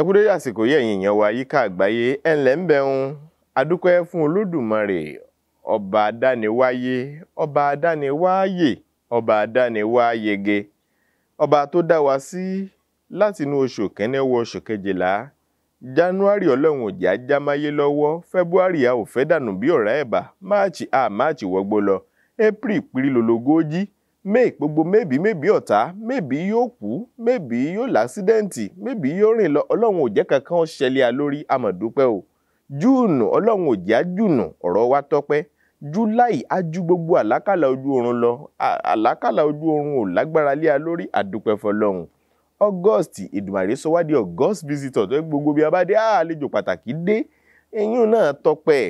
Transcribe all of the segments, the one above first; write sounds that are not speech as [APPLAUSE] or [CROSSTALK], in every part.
ẹ kú dédé àsìkò yìí ẹ̀yin èèyàn wa yíká àgbáyé ẹ ǹlẹ́ ń bẹun adúpẹ́ fún olódùmarè ọba adániwáyé ọba adániwáyè ọba adániwáyege ọba tó dá wa sí látinú oṣù kẹ́ne wọ oṣù kejìlá january ọlọ́run òjì ajá máyé lọ́wọ́ february a ò fẹ́ dànù bí ọ̀rá ẹ̀bà march a march wọgbó lọ april pírí lológójì may gbogbo maybe maybe ọ̀tá maybe yóò kú maybe yóò lásídẹ́ǹtì maybe yóò rìn lọ ọlọ́run ò jẹ́ kankan ṣẹlẹ̀ lórí amọ̀dúpẹ́ o júùnù ọlọ́run ò jẹ́ àjùnù ọ̀rọ̀ wa tọ́pẹ́ july ajú gbogbo àlákàlà ojú oorun lọ àlákàlà ojú oorun ò lágbára lé a lórí àdúpẹ́fọ́ lọ́hùn august ìdùmàrè sọ wá di august visitor tó gbogbo bí a bá dé àlejò pàtàkì dé eyín náà tọ́pẹ́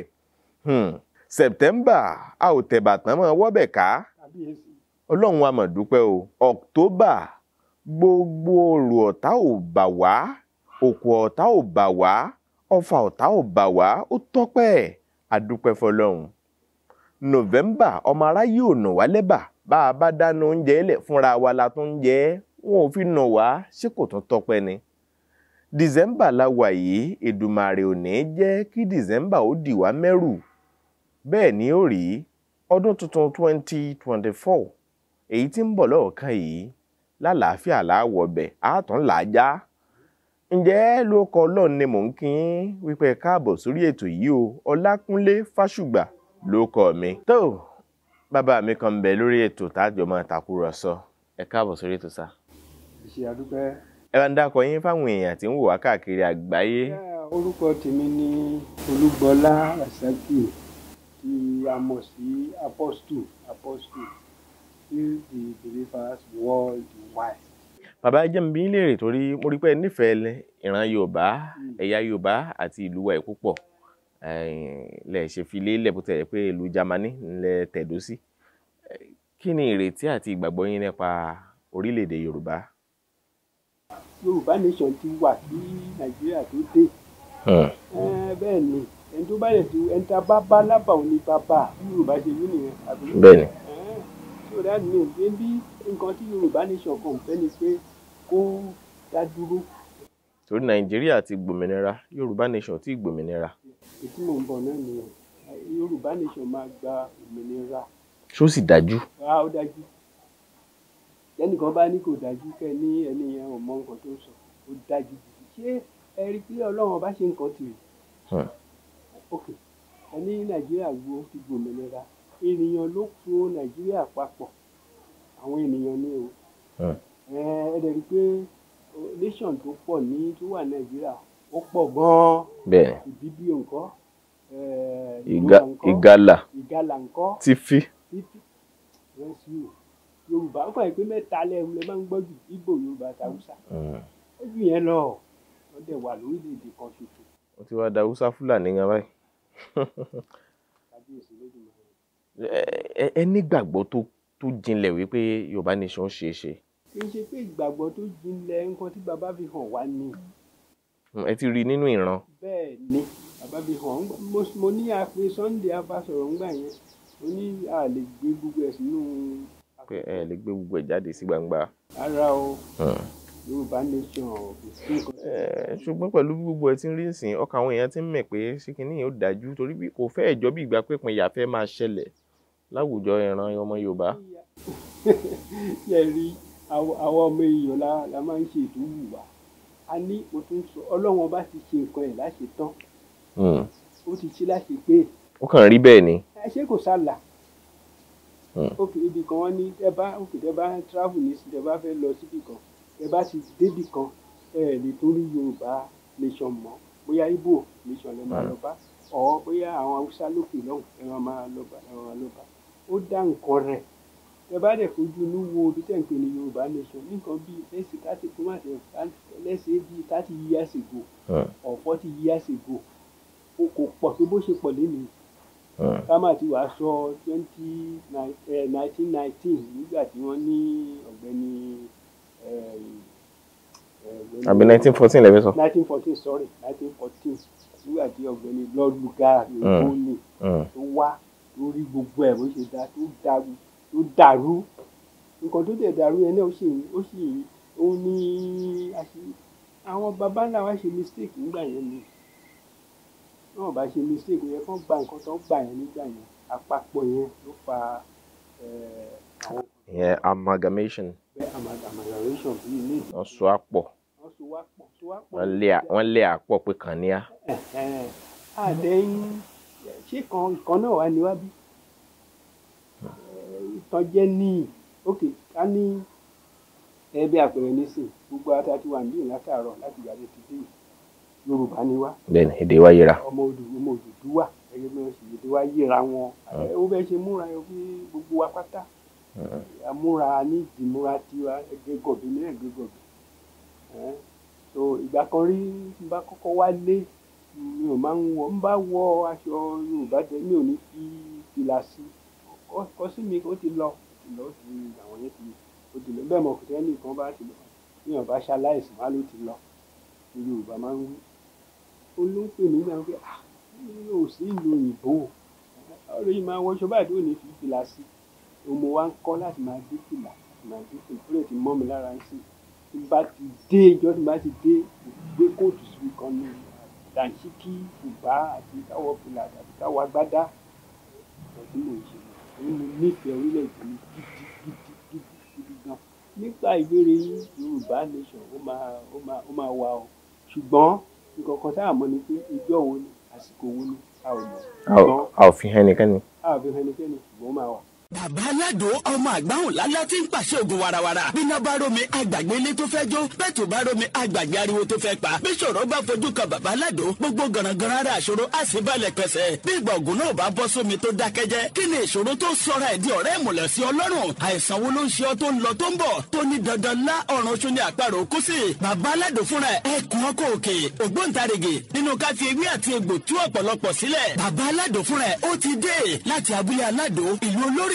hmm. september a ò tẹ̀bàtàn mọ́ wọ́bẹ̀ ká ọlọ́run wa mà dúpẹ́ o October gbogbo òrò ọ̀tá ò bà wá òkú ọ̀tá ò bà wá ọfà ọ̀tá ò bà wá ó tọ́pẹ́ àdúpẹ́ fọlọ́run November ọmọ aráyé ò nà wá lẹ́bà bá a bá dáná oúnjẹ lẹ̀ fúnra wa la tó ń jẹ wọn ò fi nà wá ṣé kò tún tọ́pẹ́ ni December la wà yìí Èdùmàrè ò jẹ́ kí December ó dì wá mẹ́rù bẹ́ẹ̀ ni ó rí ọdún tuntun twenty twenty four èyí tí ń bọ̀ lọ́ọ̀kan yìí lálàáfíà láàwọ̀ bẹ̀ àátàn làájá ǹjẹ́ ló kọ ọlọ́run ni mò ń kí yín wípé káàbọ̀ sórí ètò yìí o ọlákúnlé fásùgbà ló kọ mi. tó bàbá mi kan bẹ lórí ètò tájọ máa tàkúrọ̀sọ ẹ káàbọ̀ sórí ètò sá. ṣe àdúpẹ́. ẹ bá ń dákọ yín fáwọn èèyàn tí ń wò wá káàkiri àgbáyé. orúkọ tèmi ni olúgbọlá rasaki tí a mọ̀ sí apostol apostol still the believers worldwide. bàbá jẹ́mi léèrè torí mo rí pé nífẹ̀ẹ́ ìran yorùbá hmm. ẹ̀yà yorùbá àti ìlú wa púpọ̀ lẹ̀ ṣe fi lélẹ̀ bó tẹ̀lé pé ìlú Jámánì ńlẹ̀ tẹ̀dó sí kí ni ìrètí àti ìgbàgbọ́ yín nípa orílẹ̀-èdè yorùbá. yorùbá nation ti wà kí nàìjíríà tó dé hmm. bẹ́ẹ̀ ni ẹni tó bá yẹ tó ẹni tá a bá bá lábàá òní bá bá yorùbá ṣe wí nìyẹn. bẹ́ẹ̀ ni so that means níbí nǹkan tí yorùbá nation kan ò fẹ́ ni pé kó dá dúró. torí nàìjíríà ti gbòmìnira yorùbá nation ti gbòmìnira. ètí mò ń bọ̀ náà nìyẹn yorùbá nation máa gba òmìnira. ṣó sì dájú. a ó dájú ẹnìkan bá ní kò dájú kẹ ní ẹni yẹn ò mọ nǹkan tó sọ ó dájú gidi ṣé ẹ rí pé ọlọ́run ọba ṣe nǹkan tì í. Hmm. ok ẹni nàìjíríà wo ti gbòmìnira ènìyàn ló kó nàìjíríà papọ̀ àwọn ènìyàn ni o ẹ dẹ̀ rí i pé nation tó pọ̀ ní tó wà nàìjíríà ó pọ̀ gan-an bẹ́ẹ̀ ìdíbíò ńkọ́ ìgalà ìgalà ńkọ́ tífí yorùbá ń fàyè pé mẹ́ta lẹ́nu lẹ́ máa ń gbọ́ jù ìgbò yorùbá àtàwùsà ó jù yẹn lọ wọ́n dẹ̀ wà lórílẹ̀‐èdè kan ṣoṣo. wọ́n ti wá da haúsá fúlàní gan báyìí. [LAUGHS] ẹ nígbàgbọ́ tó tó jinlẹ̀ wípé Yorùbá nation ṣeé ṣe. kì í ṣe pé ìgbàgbọ́ tó jinlẹ̀ nǹkan tí bàbá fi hàn wá ni. Mm, ẹ ti rí i nínú ìran. bẹ́ẹ̀ ni bàbá fi hàn mo ní àpè Sunday abasọ̀rọ̀ ńgbà yẹn mo ní a lè gbé gbogbo ẹ̀ sínú. ẹ lè gbé gbogbo ẹ̀ jáde sí gbangba. ara o mm. Yorùbá nation kò sí ṣùgbọ́n pẹ̀lú gbogbo ẹ ti ń rí ìsìn ọkàn àwọn èèyàn ti ń mẹ̀ pé ṣé kinní dájú torí kò fẹ́ẹ̀ jọ bí ìgbà pé ìpínyà máa ṣẹlẹ̀ láwùjọ ìran ọmọ Yorùbá. [LAUGHS] ṣe rí àwọn ọmọ èèyàn la máa ń ṣe ìdúwù wa a ní mo tún sọ ọlọ́run ọba ti ṣe nǹkan ẹ̀ láṣẹ tán hmm. ó ti ṣe láṣẹ pé. ó kàn rí bẹ́ẹ̀ ni. ẹ ṣé kò sálà òkè hmm. ibì kan wọn ní ẹ bá òkè travel ní tẹ bá fẹ́ lọ síbì kan ẹ bá ti débì kan ẹ lè torí Yorùbá nation mọ́ bóyá Ìgbò nation lè máa hmm. lọ bá ọ̀ bóyá àwọn Haúsá lókè lọ́hùn ẹ máa lọ bá ẹ máa lọ bá ó dá nǹkan rẹ̀ tẹ bá dẹ̀ fojú inú wo ibi tẹ̀ ń pè ní yorùbá nǹkan bíi lẹ́sìn thirty kó má bíi thirty years ago or forty years ago o kò pọ̀ tó bó ṣe pọ̀ lénìí ká ti wàá sọ twenty nineteen nineteen nígbà tí wọ́n ní ọ̀gbẹ́ni àbí nineteen fourteen lẹ́fẹ̀ẹ́ sọ. nineteen fourteen sorry nineteen fourteen nígbà tí ọ̀gbẹ́ni lord lugard ló wá tó rí gbogbo ẹ̀ bó ṣe dá tó dàrú nǹkan tó dẹ̀ dàrú yẹn náà ó ṣe ó ṣe ó ní àwọn baba ńlá wa ṣe mistake nígbà yẹn ni náà bá ṣe mistake yẹn kán gba nǹkan tó gbà yẹn nígbà yẹn àpapọ̀ yẹn ló fa àwọn. ìyẹn amalgamation. bẹ́ẹ̀ amalgamation bí ilé. wọ́n so àpọ̀. wọ́n so àpọ̀ so àpọ̀. wọ́n lé àpọ̀ pé kàn ní a àdéhùn ṣé kan kan náà wà níwájú eh, ìtàn jẹ́ níì ok ká ní ẹbí àpẹẹrẹ nísìn gbogbo ata tí wà níyìn látàárọ̀ láti ìgbàdé ti dé Yorùbá ni wá. bẹ́ẹ̀ni èdè wa yíra. ọmọ odò ọmọ Odùduwà ẹgbẹ́ mi sì èdè wa yíra wọn hmm. eh, ó bẹ ṣe múra yọ pé gbogbo wa pátá àmúra hmm. eh, ní ìdìmúra tiwa ẹgbẹ́ gọbì ní ẹgbẹ́ gọbì so ìgbà kan rí bá kọ́kọ́ wá lé mi ò máa ń wọ n bá wọ aṣọ Yorùbá dé mi ò ní fi fìlà sí kọ sí mi ó ti lọ ó ti lọ ó ti àwọn yẹn ti ó ti lọ bẹ́ẹ̀ mọ̀ kò tẹ́lẹ̀ kan bá ti lọ bí wọn bá ṣaláìsàn á ló ti lọ ní Yorùbá máa ń wí olóńpè mí náà pé ah mi ò sí ìlú ọ̀rọ̀ yìí máa wọṣọ báyìí tó ní fi fìlà sí ọmọ wa ń kọ́ láti máa dé fìlà máa dé fìlà ó lè ti mọ́ mi lára ń sìn tí bá ti dé ìjọ tí bá ti dé gbé kóòtù síbi kan ní tàǹṣìkì bùbá àti káwọ fìlà àti káwọ agbádá ọtí mò ń ṣe èyí mo nífẹ̀ẹ́ orílẹ̀-èdè mi gidi gidi gidi gidi gan nípa ìbéèrè yín yorùbá nation ó máa ó máa ó máa wà o ṣùgbọ́n nǹkan kan tá a mọ̀ ni pé ìjọ wo ni àsìkò wo ni a ò mọ̀. a ò fi hàn ẹnikẹ́ni. a ò fi hàn ẹnikẹ́ni ṣùgbọ́n ó máa wà bàbá aládò ọmọ àgbáhùn lálá tí ń pàṣẹ ògùn warawara bíná bá romi àgbàgbé ilé tó fẹ́ jó bẹ́ẹ̀ tó bá romi àgbàgbé ariwo tó fẹ́ pa bí ṣòro bá fojú kan bàbá aládò gbogbo gànàgànà ara àṣòro á sì balẹ̀ pẹ̀sẹ̀ bí ìgbà ògùn náà bá bọ́ sómi tó dákẹ́jẹ́ kí ni ìṣòro tó sọra ẹ̀ di ọ̀rẹ́ ìmùlẹ̀ sí ọlọ́run àìsàn wo ló ń ṣe ọ tó ń lọ tó ń bọ̀ tó ní dandan lá ọ̀run ṣo ni àparò kú sí bàbá aládò fúnra ẹ̀ kún ọkọ̀ òkè ògbóǹtarìgì nínú ká fi ewé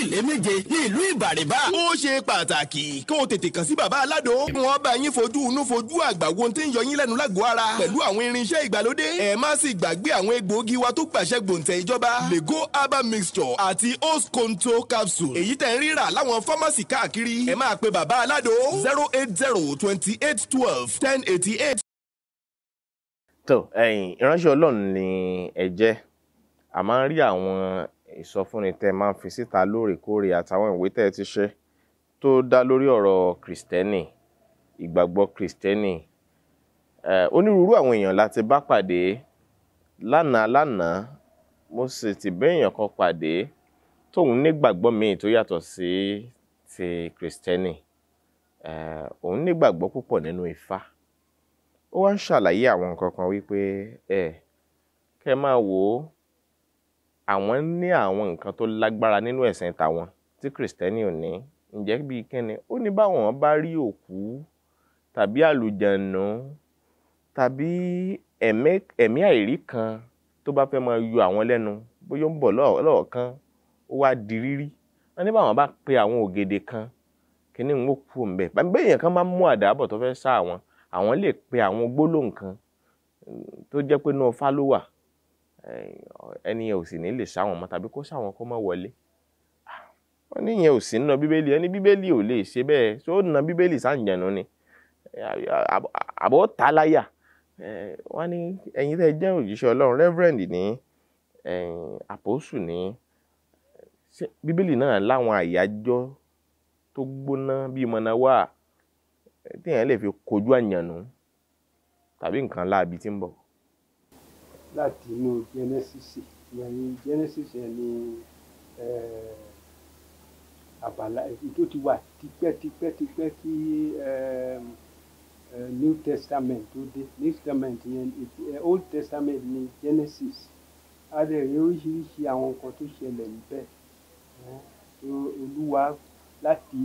méjìlé méje ní ìlú ìbàrìbà. ó ṣe pàtàkì kó tètè kàn sí bàbá aládò. wọ́n bá yín fojú inú fojú àgbà tí ń yọ lẹ́nu lágọ̀ọ́ ara. pẹ̀lú àwọn irinṣẹ́ ìgbàlódé. ẹ má sì gbàgbé àwọn egbòogi wa tó gbàṣẹ gbòǹtẹ̀ ìjọba. lego herbal mixture àti host control capsule. èyí tẹ̀ ń rírà láwọn fámásì káàkiri. ẹ máa pe bàbá aládò. zero eight zero twenty eight twelve ten eighty eight. tó ẹ̀yin ìránṣẹ́ ọlọ́run ni ẹ jẹ́ a máa ń rí àwọn ìsọfúnni tẹ́ máa ń fi síta lóòrèkóòrè àtàwọn ìwé tẹ́ ẹ ti ṣe tó dá lórí ọ̀rọ̀ kìrìsìtẹ́nì ìgbàgbọ́ kìrìsìtẹ́nì onírúurú àwọn èèyàn láti bá pàdé lánàá lánàá mo sì ti béèyàn kan pàdé tóun nígbàgbọ́ míì tó yàtọ̀ sí ti kìrìsìtẹ́nì òun nígbàgbọ́ púpọ̀ nínú ifá ó wá ń ṣàlàyé àwọn nǹkan kan wípé ẹ kẹ́ máa wò ó àwọn ní àwọn nǹkan tó lágbára nínú ẹ̀sìn tàwọn tí kìrìsìtẹ́nì ò ní ǹjẹ́ bíi kíni ó ní báwọn bá rí òkú tàbí àlùjànnú tàbí ẹ̀mí àìrí kan tó bá fẹ́ máa yọ àwọn lẹ́nu bóyá ó ń bọ̀ lọ́ọ̀kan ó wá di rírí wọ́n ní báwọn bá pe àwọn ògèdè kan kíní ń wó kú òǹbẹ bẹ́ẹ̀yàn kan máa mú àdàbọ̀ tó fẹ́ sá àwọn àwọn lè pe àwọn gbólóhùn kan tó jẹ́ pé náà fá ló ẹni yẹn ò sì ní lè ṣáwọn ọmọ tàbí kó ṣáwọn kó má wọlé wọn ní yẹn ò sí nínú bíbélì ẹni bíbélì ò lè ṣe bẹ́ẹ̀ ṣé ó nà bíbélì sáǹjẹ̀nu ni àbọ̀ tá láyà wọn ní ẹ̀yin tẹ́ jẹ́ òjíṣẹ́ ọlọ́run reverend ní àpòsù ní bíbélì náà láwọn àyájọ́ tó gbóná bíi mọ̀nàwá téèyàn lè fi kojú àyànnú tàbí nǹkan láabi tí ń bọ̀ láti inú Genesis ìyẹn Genesis yẹn ni àbàlá tó ti wà tipẹ́tipẹ́tipẹ́ kí New Testament tó dé New Testament yẹn Old Testament ni Genesis a lè rí oríṣiríṣi àwọn nǹkan tó ṣẹlẹ̀ níbẹ̀ olúwa láti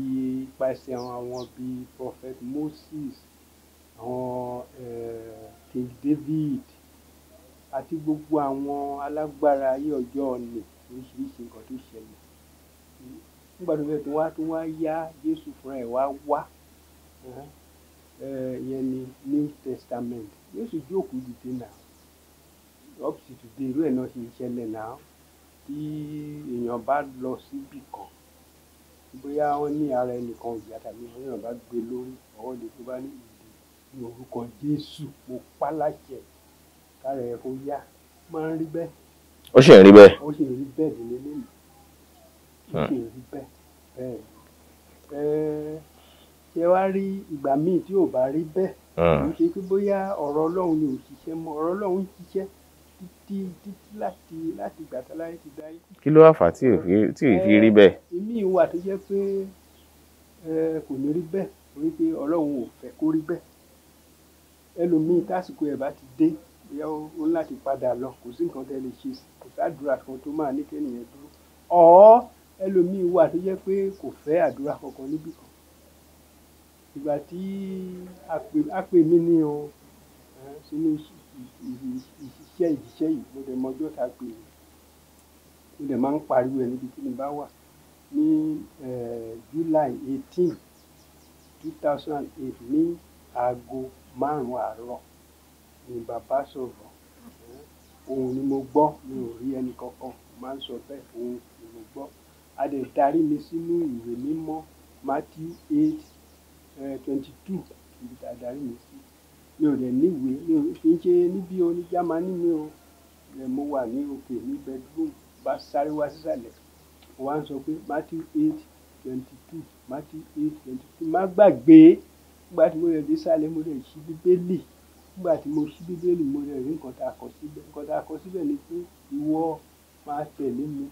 pàṣẹ àwọn bíi prophet Moses àwọn King David àti gbogbo àwọn alágbára ayé ọjọ́ ọ̀nì oríṣiríṣi nǹkan tó ṣẹlẹ̀ nígbà tó fẹ́ẹ́ tó wá tó wá yá Jésù fúnra ẹ̀ wá wá ìyẹn ni New Testament Jésù jókòó dìde náà up to today irú ẹ̀ náà ṣe ṣẹlẹ̀ náà tí èèyàn bá lọ síbì kan bóyá wọ́n ní ara ẹnìkan ìyá tàbí wọ́n èèyàn bá gbé lórí ọwọ́ lè tó bá ní ìdè ní orúkọ Jésù mo pa láṣẹ kára ẹ̀ kó yá máa ń rí bẹ́ẹ̀. ó sì ń rí bẹ́ẹ̀. ó sì ń rí bẹ́ẹ̀ nílé lónìí ó sì ń rí bẹ́ẹ̀ bẹ́ẹ̀ ni ṣé wàá rí ìgbà míì tí ò bá rí bẹ́ẹ̀ hmm. kì í ṣe pé bóyá ọ̀rọ̀ ọlọ́run ni ò ṣiṣẹ́ mọ́ ọ̀rọ̀ ọlọ́run ń ṣiṣẹ́ títí títí láti láti ìgbà tá láyé ti dáyé. kí ló wá fà tí ì fi rí bẹ́ẹ̀. èmi ìwà tó jẹ́ pé kò ní rí bẹ́ẹ̀ torí ọlọ́run ò fẹ́ kó rí bẹ́ẹ̀ ẹlòmíì tásìkò ẹ̀ bá ti dé ìyá o ní láti padà lọ kò sí nǹkan tẹ́ lè ṣe kò sádùúrà kan tó máa ní kéèyàn dúró ọ̀ọ́ ẹlòmíín wà tó jẹ́ pé kò fẹ́ àdúrà kankan níbì kan ìgbà tí àpè mí ní o sínú ìṣiṣẹ́ ìṣiṣẹ́ yìí mo dẹ̀ mọjọ́ ta pè mí mo dẹ̀ máa ń pariwo ẹ̀ níbi tí mo bá wà ní July eighteen two thousand eight ní aago márùn-ún àárọ̀ ni bàbá sọ̀rọ̀ òun ni mo gbọ́ mi ò rí ẹnì kankan máa ń sọ bẹ́ẹ̀ òun ni mo gbọ́ a dẹ̀ darí mi sínú ìwé mímọ́ Matthew eight eh, twenty two ibi tá a darí mi sí mi ò dẹ̀ níwèé mi ò fi ń ṣe níbi oní jámánì mi o rẹ̀ mo wà ní òkè ní bedroom bá sáré wá sísàlẹ̀ wá ń sọ pé Matthew eight twenty two Matthew eight twenty two má gbàgbé nígbà tí mo rẹ̀ dé sálẹ̀ mo rẹ̀ ṣí bíbélì nígbà tí mo ṣí bíbélì mo rẹ̀ rí nǹkan tá a kọ síbẹ̀ nǹkan tá a kọ síbẹ̀ ni pé ìwọ máa tẹ̀lé mi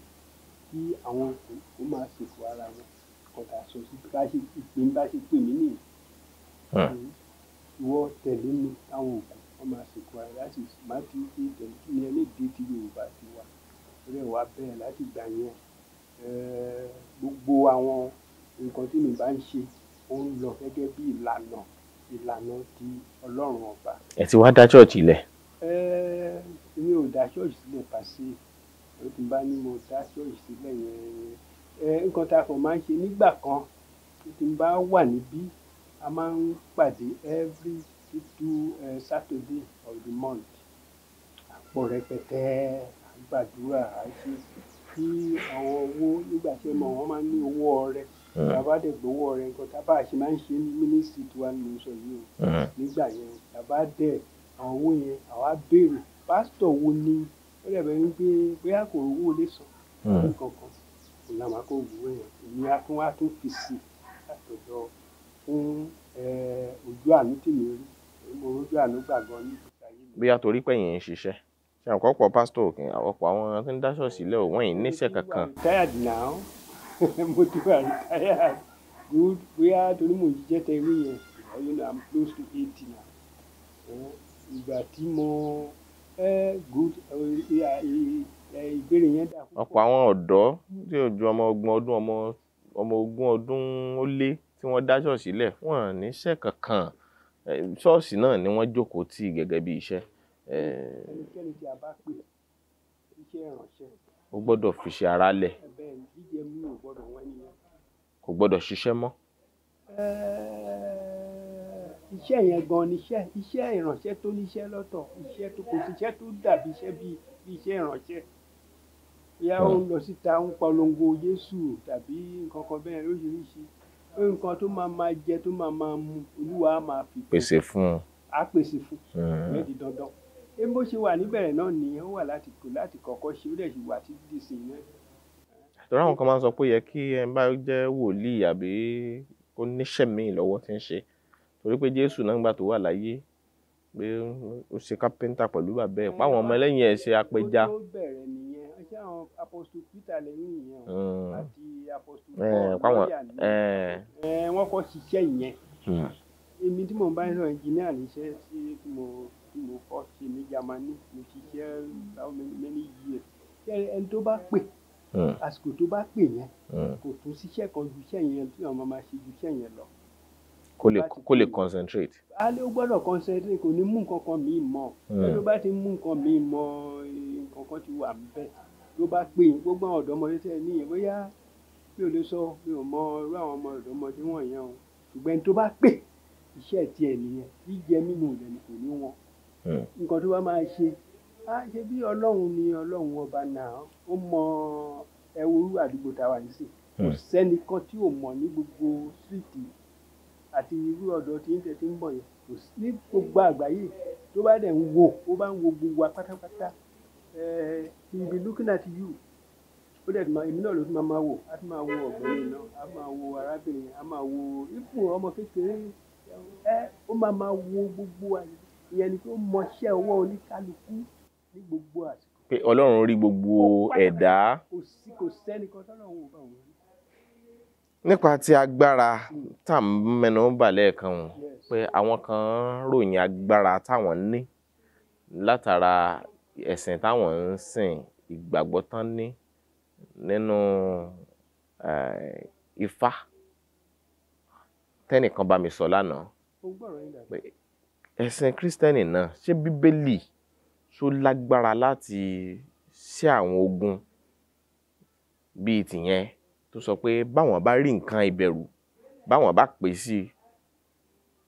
kí àwọn kò máa ṣètò ara wọn nǹkan tá a sọ sí bá ṣe ìpín bá ṣe pè mí nìyí ìwọ tẹ̀lé mi táwọn òkú wọn máa ṣètò ara láti Matthew eight tẹ̀lé kí ni ẹlẹ́dẹ̀ ti Yorùbá ti wà rẹ̀ wá bẹ́ẹ̀ láti gbà yẹn gbogbo àwọn nǹkan tí mi bá ń ṣe ó ń lọ gẹ́gẹ́ bí ìlànà ìlànà ti ọlọ́run ọba. ẹ ti wá dá ṣọ́ọ̀ṣì lẹ̀. ẹ mi ò dá ṣọ́ọ̀ṣì sílẹ̀ pàṣẹ ó ti bá ní mo dá ṣọ́ọ̀ṣì sílẹ̀ yẹn ẹ nǹkan tá a kàn máa ń ṣe nígbà kan ó ti bá wà níbí a máa ń pàdé every two uh, Saturday of the month àpò rẹpẹtẹ àgbàdúrà àti tí àwọn owó nígbà tí ẹ mọ wọn máa ń ní owó ọrẹ. Mm. bàbá dẹ̀ gbowó rẹ̀ nǹkan tábà ṣe máa ń ṣe mínísítì tiwa ni mo sọ yìí o mm. nígbà yẹn bàbá dẹ̀ àwọn owó yẹn àwa béèrè pásítọ̀ wo ni ó dẹ̀ bẹ́ẹ̀ ń gbé bóyá kò rówó lè sọ mm. nǹkan kan kò náà máa kó owó yẹn èmi á tún wá fi sí látọ̀dọ̀ fún ojú àánú tèmi rí mo rojú àánú gbàgbọ́ nígbà yìí. bóyá torí pẹ̀yìn ń ṣiṣẹ́ ṣe àkọ́pọ̀ pásítọ̀ ọ̀pọ̀ àwọn tó ń dá ṣọ́ọ̀ṣì lẹ́wọ̀ wọ́n yìí níṣẹ́ kankan. [LAUGHS] mo ti wà retired good bóyá torí mo jíjẹ́ tẹ ewé yẹn you know i'm close to eighty now ìgbà tí mo good ìbéèrè yẹn dà. ọ̀pọ̀ àwọn ọ̀dọ́ tí ò ju ọmọ ogún ọdún ọmọ ọmọ ogún ọdún ó lé tí wọ́n dá ṣọ́ọ̀ṣì lẹ̀ wọ́n níṣẹ́ kankan ṣọ́ọ̀ṣì náà ni wọ́n jókòó tì gẹ́gẹ́ bí iṣẹ́. ẹnikẹ́ni tí a bá pè iṣẹ́ ìrànṣẹ́. ó gbọ́dọ̀ fi ṣe ara lẹ̀ jíjẹ mú ò gbọ́dọ̀ wọ́n nìyẹn. kò gbọ́dọ̀ ṣiṣẹ́ mọ́. iṣẹ́ yẹn gan níṣẹ́ iṣẹ́ ìrànṣẹ́ tó níṣẹ́ lọ́tọ̀ iṣẹ́ tó kò síṣẹ́ tó dàbí iṣẹ́ bíi iṣẹ́ ìrànṣẹ́ ìyá ó ń lọ síta ń polongo Jésù tàbí nǹkan kan bẹ́ẹ̀ lóríṣiríṣi nǹkan tó máa máa jẹ tó máa máa mu Olúwa máa fi pèsè fún un á pèsè fún un mm-hmm. ìyẹn di dandan bó ṣe wà níbẹ̀rẹ̀ náà nìyẹn ó wà láti kọ́kọ́ ṣe ó dẹ̀ ṣì wà títí dìsìn náà. Torí àwọn kan máa ń sọ pé yẹ kí ẹ bá jẹ́ wòlíì àbí ó níṣẹ́ míì lọ́wọ́ tí ń ṣe. Torí pé Jésù náà nígbà tó wà láyé pé ó ṣe kápẹ́ńtà pẹ̀lú bàbá ẹ̀, pàwọn ọmọ ẹlẹ́yìn ẹ̀ ṣe apẹja. Hmm. wọ́n kọ́ ṣiṣẹ́ yẹn. Hmm. Èmi tí mò ń bá ń sọ engineer níṣẹ́ tí mo kọ́ ṣe ní Germany, mo ṣiṣẹ́ many years. ẹni tó bá pè Hmm. àsìkò tó bá pè yẹn hmm. kò tún síṣẹ́ kan ju iṣẹ́ yẹn tí àwọn máa ṣe ju iṣẹ́ yẹn lọ. kó lè concentrate. a lè gbọ́dọ̀ concentrate kò ní mú nǹkan kan míì mọ́ hmm. tó bá ti mú nǹkan míì mọ́ eh, nǹkan kan ti wà níbẹ̀ tó bá pè yín gbogbo àwọn ọ̀dọ́mọdé tẹ́ ẹ níyẹn bóyá mi ò lè sọ mi ò mọ irú àwọn ọmọ ọ̀dọ́mọdé wọ̀nyẹn o ṣùgbọ́n ẹni tó bá pè iṣẹ́ tiẹ̀ nìyẹn jíjẹ mímu ìdẹ̀nìkò ní wọn a ṣe bí ọlọ́run ni ọlọ́run ọba náà ó mọ ẹwúrú àdúgbò táwa yìí sí kò hmm. sẹ́nìkan tí ò mọ̀ ní gbogbo síìtì àti irú ọ̀dọ́ tí ń tẹ̀sí ń bọ̀ yẹn kò sí ní gbogbo àgbáyé tó bá dẹ̀ ń wò ó bá ń wo gbogbo wa pátápátá be looking at you ó dẹ̀ máa èmi náà ló fi máa máa wò á fi máa wo ọ̀gbẹ́ni náà á máa wo arábìnrin á máa wo ìfún ọmọ kékeré ẹ ó máa máa wo gbogbo ìyẹn ni pé ó mọṣẹ́ ọwọ́ oníkálukú ní gbogbo àsìkò. pé ọlọ́run rí gbogbo ẹ̀dá. kò sí kò sẹ́nìkan tọ́lọ́run ò bá wọn rí. nípa ti agbára hmm. tá à ń mẹ́nu bà lẹ́ẹ̀kan wọn pé àwọn kan ròyìn agbára táwọn ní látara ẹ̀sìn táwọn ń sìn ìgbàgbọ́ tán ní nínú eh, ifá tẹ́nìkan bá mi sọ lánàá pé ẹ̀sìn náà ṣé bíbélì ṣó lágbára láti ṣe àwọn ogun bíi tìyẹn tó sọ pé báwọn bá rí nǹkan ìbẹ̀rù báwọn bá pè sí i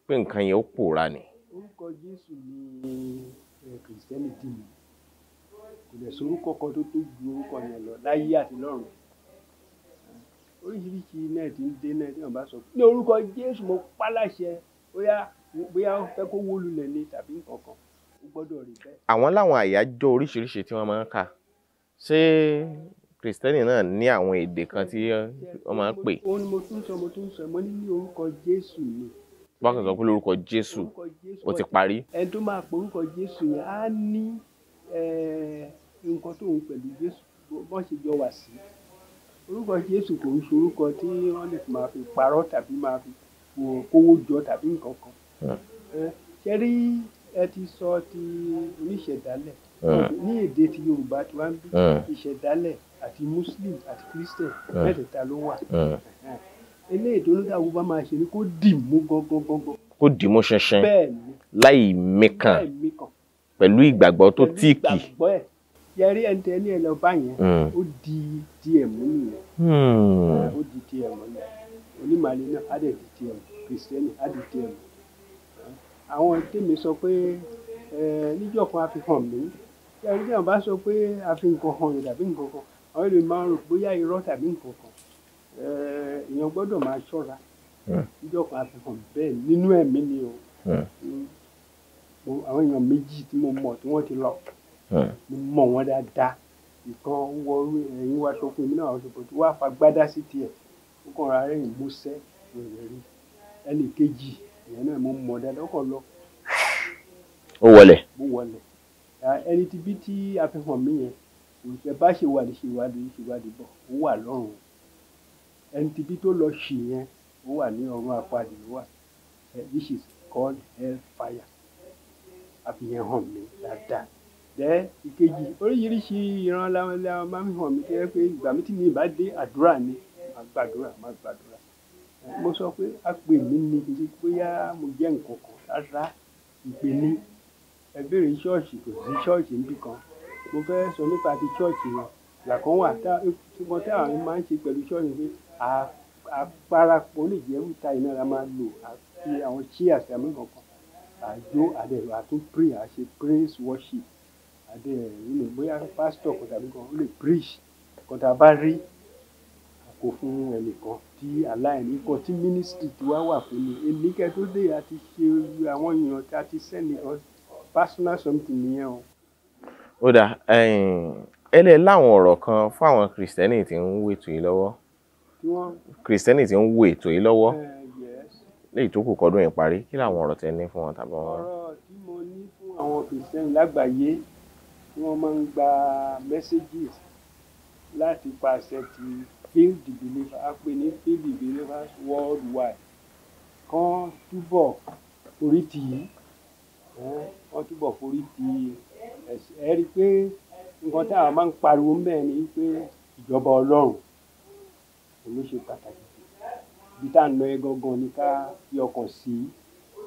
pé nǹkan yẹn ó pòórá ni. orúkọ Jésù ni eh, kìrìsìtẹ́nì dì mí kò lè sorúkọ kan tó tó ju orúkọ yẹn lọ láyé àti lọ́run oríṣiríṣi náà ti ń dé náà tí wọn bá sọ ní orúkọ Jésù mo pa láṣẹ bóyá bóyá fẹ́ kó wó lulẹ̀ ni tàbí nǹkan kan àwọn láwọn àyájọ́ oríṣiríṣi tí wọ́n máa ń kà ṣé kìrìsìtẹ́nì náà ní àwọn èdè kan tí wọ́n máa ń pè. ó ní mo tún sọ mo tún sọ mo ní ní orúkọ jésù ni. bákan sọ pé lórúkọ jésù ó ti parí. ẹni tó máa pe orúkọ jésù yẹn á ní nǹkan tó ń pẹ̀lú jésù bó ṣe jọ wà sí. orúkọ jésù kò ń ṣe orúkọ tí wọ́n lè máa fi parọ́ tàbí máa fi kówó jọ tàbí nǹkan kan. Hmm. ṣe rí ẹ ti sọ ti oníṣẹ̀dálẹ̀ ní èdè ti Yorùbá tí wọ́n ń bí ìṣẹ̀dálẹ̀ àti Muslim àti Christian mẹ́tẹ̀ẹ̀ta ló wà eléyìí tó ní ká wọ́n bá máa ṣe ni kó dì mú gangan. kó dì mú ṣinṣin láì mìkan pẹ̀lú ìgbàgbọ́ tó tíìkì. yẹrí ẹni tẹ ní ẹ lọ bá yẹn ó di díẹ̀ mú nìyẹn hmm. ó di díẹ̀ mú nìyẹn onímàlẹ́ náà á dẹ̀ di díẹ̀ mú kìrìsìtẹ́nì á di díẹ̀ mú àwọn tèmi sọ pé níjọ́ kan a fi hàn mí yàrá tí àwọn bá sọ pé a fi nǹkan hàn yìí tàbí nǹkan kan àwọn èlò máa ń rò bóyá irọ́ tàbí nǹkan kan èèyàn gbọ́dọ̀ máa ṣọ́ra hmm. níjọ́ kan a fi hàn bẹ́ẹ̀ nínú ẹ̀mí ni o hmm. àwọn èèyàn méjì tí mo mọ̀ tí wọ́n ti lọ hmm. mo mọ̀ wọ́n dáadáa ìkan wọ ẹ̀yìn wa sọ fún mi náà àwọn ṣòkòtò wá fagbádá sí tiẹ̀ ó kàn ra rẹ̀ ìmúṣẹ́ ìrẹ̀rí ẹnì kejì ìyẹn náà mo mọ̀ dáadáa ọkọ̀ lọ. ó wọlé. mo wọlé ẹni tí bí tí a fi hàn mí yẹn òṣìṣẹ́ bá ṣèwádìí ṣèwádìí ṣèwádìí bọ̀ ó wà lọ́rùn ẹni tí bí tó lọ ṣì yẹn ó wà ní ọ̀run àpàdé wà which is called hellfire àfihàn hàn mí dáadáa dẹ ìkejì oríṣiríṣi ìran làwọn máa ń hàn mí kí ẹ pé ìgbà mi tí mi bá dé àdúrà ni màá gbàdúrà màá gbàdúrà mo sọ pé àpè mi ni kì í bóyá mo jẹ́ nǹkan kan rárá ìpè ní ẹgbẹ́rẹ́ ṣọ́ọ̀ṣì kò sí ṣọ́ọ̀ṣì níbì kan mo fẹ́ sọ nípa ti ṣọ́ọ̀ṣì wọn làkàn wà ṣùgbọ́n táwọn máa ń ṣe pẹ̀lú ṣọ́ọ̀ṣì pé àparapọ̀ lè jẹ́ wíta iná la máa lò àti àwọn chairs àmì kankan àjò àdẹ̀rọ̀ àtún pray àṣe praise worship àdẹ̀rọ̀ bóyá pásítọ̀ kọ̀tàbí kan ó lè preach kọ̀tàbá rí kó fún ẹnìkan tí aláìní kan tí mínísítì tí wá wà fún mi èmi kẹtó dé a ti ṣe àwọn èèyàn tí a ti sẹ́nìkan personal something nìyẹn o. ó dà ẹlẹ́ láwọn ọ̀rọ̀ kan fún àwọn kìrìsìtẹ́nì tí ń wo ètò yìí lọ́wọ́ kìrìsìtẹ́nì tí ń wo ètò yìí lọ́wọ́ eh, lẹ́yìn tó kù kọ́dún yìí parí kí làwọn ọ̀rọ̀ tẹ ní fún wọn tàbí wọn. ọ̀rọ̀ tí mo ní fún àwọn kìrìsìtẹ́nì lágbàáyé tí wọ́n máa ń gba messages láti pàṣẹ ti faith the believer a pè ní faith the believers worldwide kán túbọ̀ forí tì í wọ́n túbọ̀ forí tì í ẹ rí i pé nǹkan tá a máa ń pariwo mẹ́ẹ̀ ni pé ìjọba ọlọ́run ló ṣe pàtàkì bí tá à ń lọ yẹn gangan ni ká fi ọkàn sí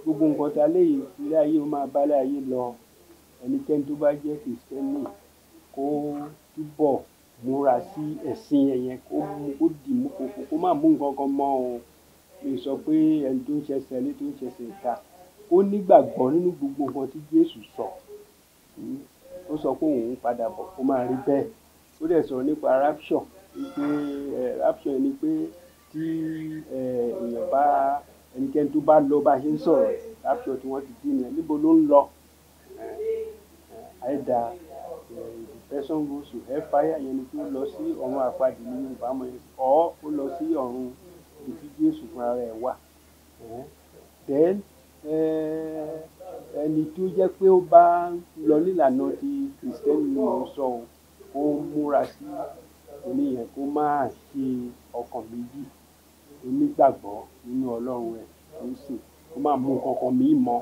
gbogbo nǹkan tá a lè ilé ayé ó máa balẹ̀ ayé lọ ẹnikẹ́ni tó bá jẹ́ kìrìsìtẹ́nì kó túbọ̀ múra sí ẹ̀sìn ẹ̀yẹn kó kó dì mú kókó kó má mú nǹkan kan mọ́ o mi sọ pé ẹni tó ń ṣẹ̀ṣẹ̀ ilé tó ń ṣẹ̀ṣẹ̀ ìta ó nígbàgbọ́ nínú gbogbo nǹkan tí Jésù sọ ó sọ pé òun padà bọ̀ ó máa rí bẹ́ẹ̀ ó dẹ̀ sọ̀rọ̀ nípa rapture wípé rapture ni pé tí èèyàn bá ẹnikẹ́ni tó bá lọ bá ṣe ń sọ̀rọ̀ rapture tí wọ́n ti dín ní níbo ló ń lọ àìda ẹ̀sán gúúsù ẹ̀fáyà yẹn ni kí ó lọ sí ọ̀run àpáàdì ní yorùbá mọ̀ ẹ́ ọ́ ó lọ sí ọ̀run ìfi jésù fún ara ẹ̀ wà. then eh, ẹni tó jẹ́ pé ó bá lọ nílànà ti kìrìsìtẹ́nì ni mo sọ ó múra sí oníyẹn kó máa ṣe ọkàn méjì onígbàgbọ́ nínú ọlọ́run ẹ̀ ló sì kó máa mú nǹkan kan míì mọ́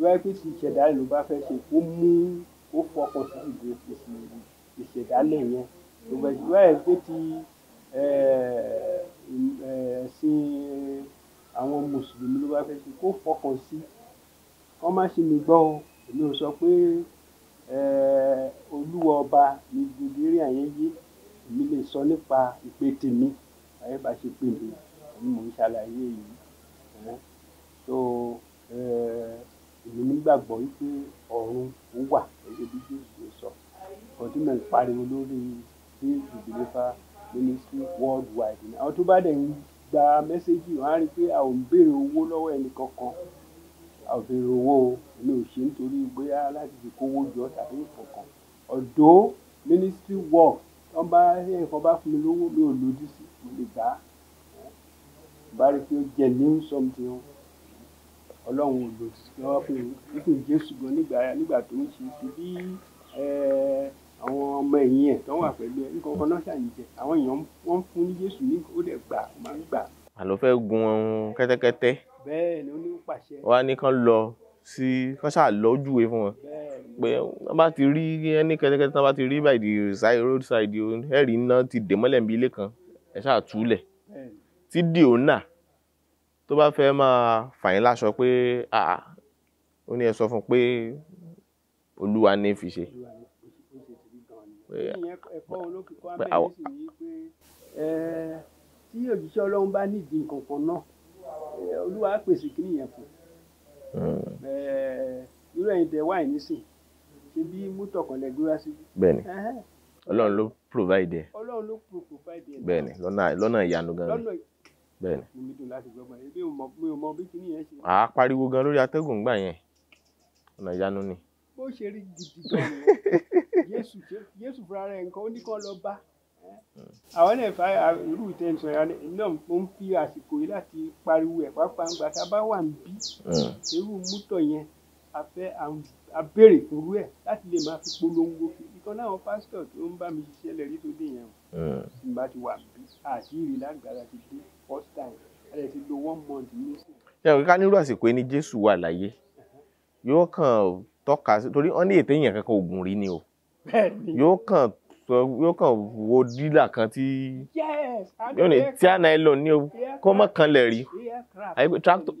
wáyé pé ti ìṣẹ̀dá ló bá fẹ́ ṣe kó mú ó fọkàn sí ìṣẹ̀dálẹ̀ yẹn ìwẹ̀síwáyé pé ti ẹ̀sìn àwọn mùsùlùmí ló bá fẹ́ ṣe kó fọkàn sí wọ́n má ṣe mi gbọ́ o èmi ò sọ pé olúwa ọba ní gbèdéré àyẹ́yé èmi lè sọ nípa ìpè tèmi ayé bá ṣe pè mí èmi mò ń ṣàlàyé yìí so. Uh, èmi nígbàgbọ́ wípé ọ̀run ó wà gẹ́gẹ́ bí jésù sọ gọ́dúmẹ̀ ń pariwo lórí faith to deliver ministry worldwide ní àwọn tó bá dẹ̀ ń gba mẹ́sẹ́gì wọn á rí pé a ò ń béèrè owó lọ́wọ́ ẹnì kankan a ò béèrè owó o èmi ò ṣe nítorí bóyá láti fi kówó jọ tàbí kankan ọ̀dọ́ ministry work wọ́n bá ẹ̀kan bá fún mi lówó mi ò lòdì sí mo lè gbà á bá rí pé ó jẹ́ new something ọlọ́run ògbò lọ́wọ́ pé ipò jésù gan nígbà nígbà tó ń ṣe ti bí àwọn ọmọ ẹ̀yìn ẹ̀ tó wà pẹ̀lú ẹ̀ nǹkan kan náà ṣàyẹ̀jẹ̀ àwọn èèyàn wọ́n fún ní jésù ní ó dẹ̀ gbà máa ń gbà. àlọ́ fẹ́ gun kẹ́tẹ́kẹ́tẹ́. bẹ́ẹ̀ ni ó ní pàṣẹ. wọ́n á ní kán lọ sí kán ṣáà lọ́júwe fún wọn pé wọ́n bá ti rí ẹni kẹ́tẹ́kẹ́tẹ́ wọ́n bá ti rí by the side road side ẹ̀rí náà ti dè mọ́lẹ̀ níbi ilé kan ẹ̀ ṣáà túlẹ̀ tí dìónà tó bá fẹ́ máa fàyín láṣọ pé àà ó ní ẹ sọ fún pé olúwa ní fi ṣe. tí òjíṣẹ́ ọlọ́run bá nídìí nǹkan kan náà olúwa á pèsè kí nìyẹn fún hmm. irú ẹ̀yin tẹ wáì nísìn ṣe bí mútọ̀kànlẹ̀ gbéra sí. bẹ́ẹ̀ni ọlọ́run ló provide ẹ. ọlọ́run ló provide ẹ. bẹ́ẹ̀ni lọ́nà ìyanu gan bẹ́ẹ̀ni. mi dùn láti gbọ́ báyìí mi ò mọ bí kinní yẹn ṣe. à á pariwo gan lórí atẹ́gùn gbà yẹn ọ̀nà ìyanu ni. bó ṣe rí gidi gan ni yéṣù yéṣù fúnra rẹ̀ nǹkan ó ní kán lọ bá. àwọn náà fa irú ìtẹ́nsọ náà mo ń fi àsìkò yìí láti pariwo ẹ̀ pápá ńgbà tá a bá wà ń bí hmm. irú mútọ̀ yẹn afẹ́ abéèrè fúru ẹ̀ láti lè máa fi polongo ìkan náà pásítọ̀ tó ń bá mi ṣiṣẹ́ lẹ́rìí tó dé yẹn o. ìgbà hmm. tí wà bí àti ìrìlá àgbàlá ti dé first time a lè ti lo one month ní sí. ṣé o ká nírú àsìkò ẹni jésù wà láyé yóò kàn tọ́ka torí wọ́n ní ètò èèyàn kankan oògùn rí ni o yóò kàn yóò kàn wo dílà kan tí yóò ní tíá nylon ní o kó mọ̀ kan lẹ̀ rí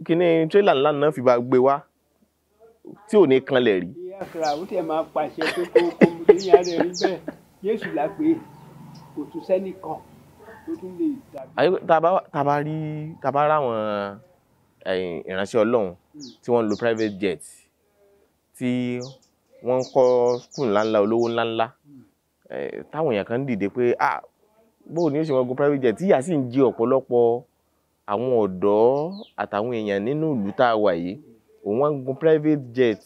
kíní tírélà ńlá náà fi bá gbé wá tí ò ní kan lẹ̀ rí. ìyá kra ó máa pàṣẹ pé kó kó mú ní yàrá rí bẹ́ẹ̀ jésù la pé kò tún sẹ́nìkan tàbá rí tàbá ráwọn ìránṣẹ́ ọlọ́run hmm. tí wọ́n ń lo private jet tí wọ́n ń kọ́ skul ńláńlá olówó ńláńlá hmm. táwọn èèyàn kan ń dìde pé ah bóò ni ó ṣe wọn gun private jet tíyà sì ń jẹ ọ̀pọ̀lọpọ̀ àwọn ọ̀dọ́ àtàwọn èèyàn nínú ìlú tá a wà yìí òun wọn ń gun private jet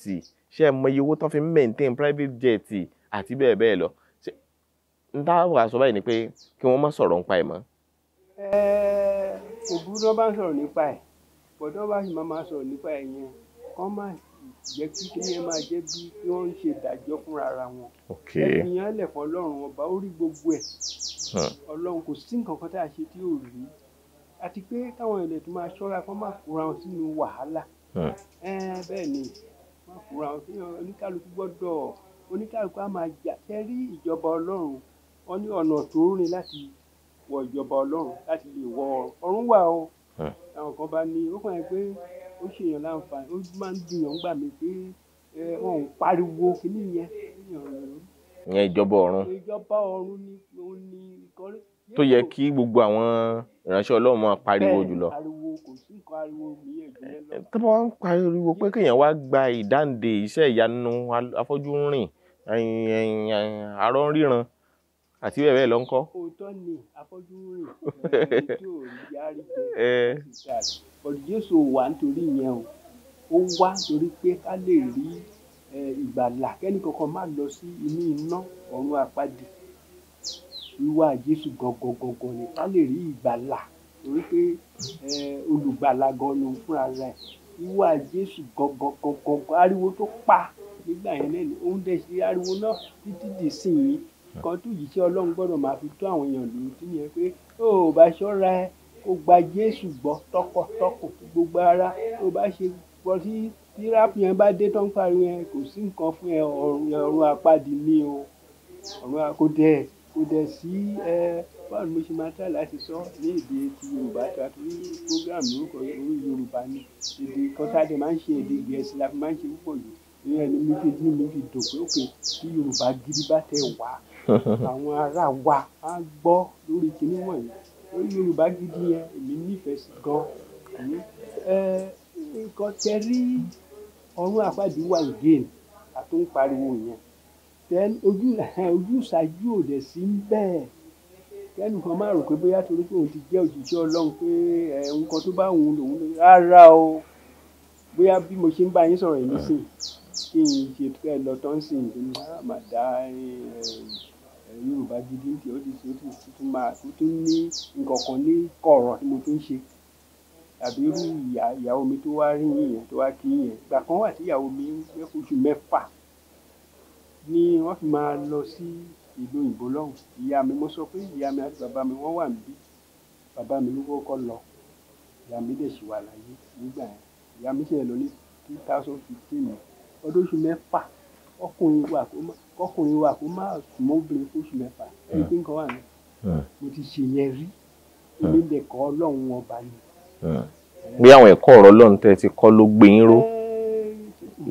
ṣé ẹ mọ iye owó tán fi ń maintain private jet àti bẹ́ẹ̀ bẹ́ẹ̀ lọ ń dá wà sọ báyìí ni pé kí wọ́n má sọ̀rọ̀ nípa ẹ̀ mọ́. ẹ kò burú tó bá ń sọ̀rọ̀ nípa ẹ̀ bọ̀dọ̀ bá sì máa sọ̀rọ̀ nípa ẹ̀ yẹn kọ́ má jẹ́ kí kí yẹn máa jẹ́ bí wọ́n ń ṣe ìdájọ́ fúnra ara wọn. ẹ̀yìn ẹlẹ́fọ̀ ọlọ́run ọba ó rí gbogbo ẹ̀ hmm. ọlọ́run kò sí nǹkan kan tá a ṣe tí ò rí àti pé táwọn ilẹ̀ tó máa ṣọ́ra kó má fura wọn sínú wàhálà hmm. bẹ́ẹ̀ ni má fura wọn sínú oníkálukú gbọ́dọ̀ oníkálukú á máa jà tẹ́rí ìjọba ọlọ́run wọ́n ní ọ̀nà tó ń rìn láti wọ ìjọba ọlọ́run láti lè wọ ọ̀run wà o àwọn kan bá ní ó kàn yẹ pé ó ṣèyàn láǹfààní ó máa ń dùnyàn ń gbà mí pé wọn ò pariwo kínní yẹn ìyẹn ìjọba ọ̀run ìjọba ọ̀run ni òun ni ìkọrí. tó yẹ kí gbogbo àwọn ìránṣẹ́ ọlọ́run máa pariwo jùlọ. bẹ́ẹ̀ ariwo kò sí nǹkan ariwo mìíràn jùlọ lọ. tó bá ń pariwo pé kéèyàn wá gba ìdáǹdè iṣẹ́ ìyanu afọ́jú rìn àrọ́ ríran àti bẹ́ẹ̀ bẹ́ẹ̀ lọ ń kọ́. òótọ́ ni afọ́jú rìn ètò ìyárí jẹ́ ìta ọ̀dọ̀ jésù wà nítorí yẹn o ó wá torí pé ká lè rí ìgbàlà kẹ́ni kankan má lọ sí inú iná ọ̀run àpáàdì wíwá jésù gangan gangan ni ká lè rí ìgbàlà torí pé olùgbàlà gan ló ń fúnra rẹ̀ wíwá jésù gangan gangan ariwo tó pa nígbà yẹn lẹ́nu òun dẹ̀ ṣe ariwo náà títí dì sí yìí nǹkan tó yìí sí ọlọ́run gbọ́dọ̀ máa fi tó àwọn èèyàn lòun tí nìyẹn pé ó ò bá ṣọ́ra ẹ kó gba jésù gbọ́ tọkọtọkọ gbogbo ara tó bá ṣe pọ̀ sí tí ráàpù yẹn bá dé tó ń pariwo yẹn kò sí nǹkan fún ẹ ọ̀run àpáàdì ni o ọ̀run àkódẹ kò dẹ̀ sí ẹ báwo ni mo ṣe máa tà láti sọ ní èdè ti yorùbá tó a torí program lórúkọ orí yorùbá ni èdè kan a dẹ̀ máa ń ṣe èdè gẹ̀ẹ́sì la fi máa ń ṣe púpọ̀ jù ìyẹn ni mi fi dùn mi fi dùn pé òkè tí yorùbá gidi bá tẹ̀ wá àwọn ará wa á gbọ́ lórí kinní wọ̀nyí lórí Yorùbá Gidi yẹn èmi nífẹ̀ẹ́ sí gan nǹkan tẹ rí ọ̀run àpáàdé wà again àti ń pariwo yẹn then ojú [LAUGHS] ojúṣàjú ò dẹ̀ sí bẹ́ẹ̀ kẹ́nu kan máa rò pé bóyá torí pé òun ti jẹ́ òjíṣẹ́ Ọlọ́run pé nǹkan tó bá òun lòun lòun rárá o bóyá bí mo ṣe ń bá yín sọ̀rọ̀ yìí nísìnyí kí n ṣe lọ́tọ́ ń sìn kí n má dá Yorùbá Gidi ń tì ó ti ṣe ó ti tún máa ó tún ní nǹkan kan ní kọ̀ọ̀rọ̀ tí mo tún ṣe àbí irú ìyàwó mi tó wá rí yìnyẹn tó wá kí yìnyẹn ìgbà kan wà tí ìyàwó mi mẹ́kọ̀ọ́ oṣù mẹ́fà ni wọ́n fi máa lọ sí ìlú òyìnbó lọ́hùn ìyá mi mo sọ pé ìyá mi àti bàbá mi wọ́n wà níbí bàbá mi ló kọ́kọ́ lọ ìyá mi dẹ̀ sì wà láyé nígbà yẹn ìyá mi sì lọ ní two thousand fifteen ọdún oṣù mẹ́fà ọkùnrin wà tó máa kọkùnrin wa kó má mọ obìnrin fóṣù mẹ́fà ẹni hmm. tí nǹkan wà ní. Hmm. mo ti ṣe yẹn rí èmi hmm. lè kọ́ ọlọ́run ọba ni. bí àwọn ẹ̀kọ́ ọ̀rọ̀ ọlọ́run tẹ́ ti kọ́ ló gbé yín ró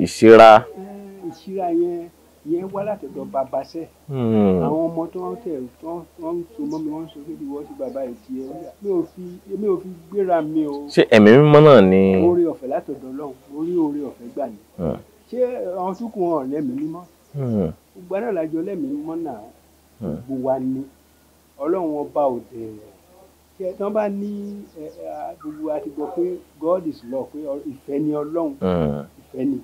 ìṣera. ìṣera yẹn yẹn wá látọ̀dọ̀ bàbá sẹ́ àwọn ọmọ tó ń tẹ̀ tó ń so mọ́ mi wọ́n ń sọ pé bí wọ́n ti bàbá yìí ti ẹ̀ mi ò fi mi ò fi gbéra mi o. ṣé ẹ̀mí mímọ́ náà ni. oore ọ̀fẹ́ látọ̀dọ̀ ọlọ́run orí oore ọ̀fẹ́ gbà ní. ṣé àwọn túkù wọn ò lẹ́mìí mímọ́ gbogbo àná làjọ lẹ́mìí mọ́nà hmm. gbogbo wa ni ọlọ́run ọba òde ṣe tán bá ní gbogbo àti gbọ́ pé God is love pé ìfẹ́ ni ọlọ́run hmm. ìfẹ́ ni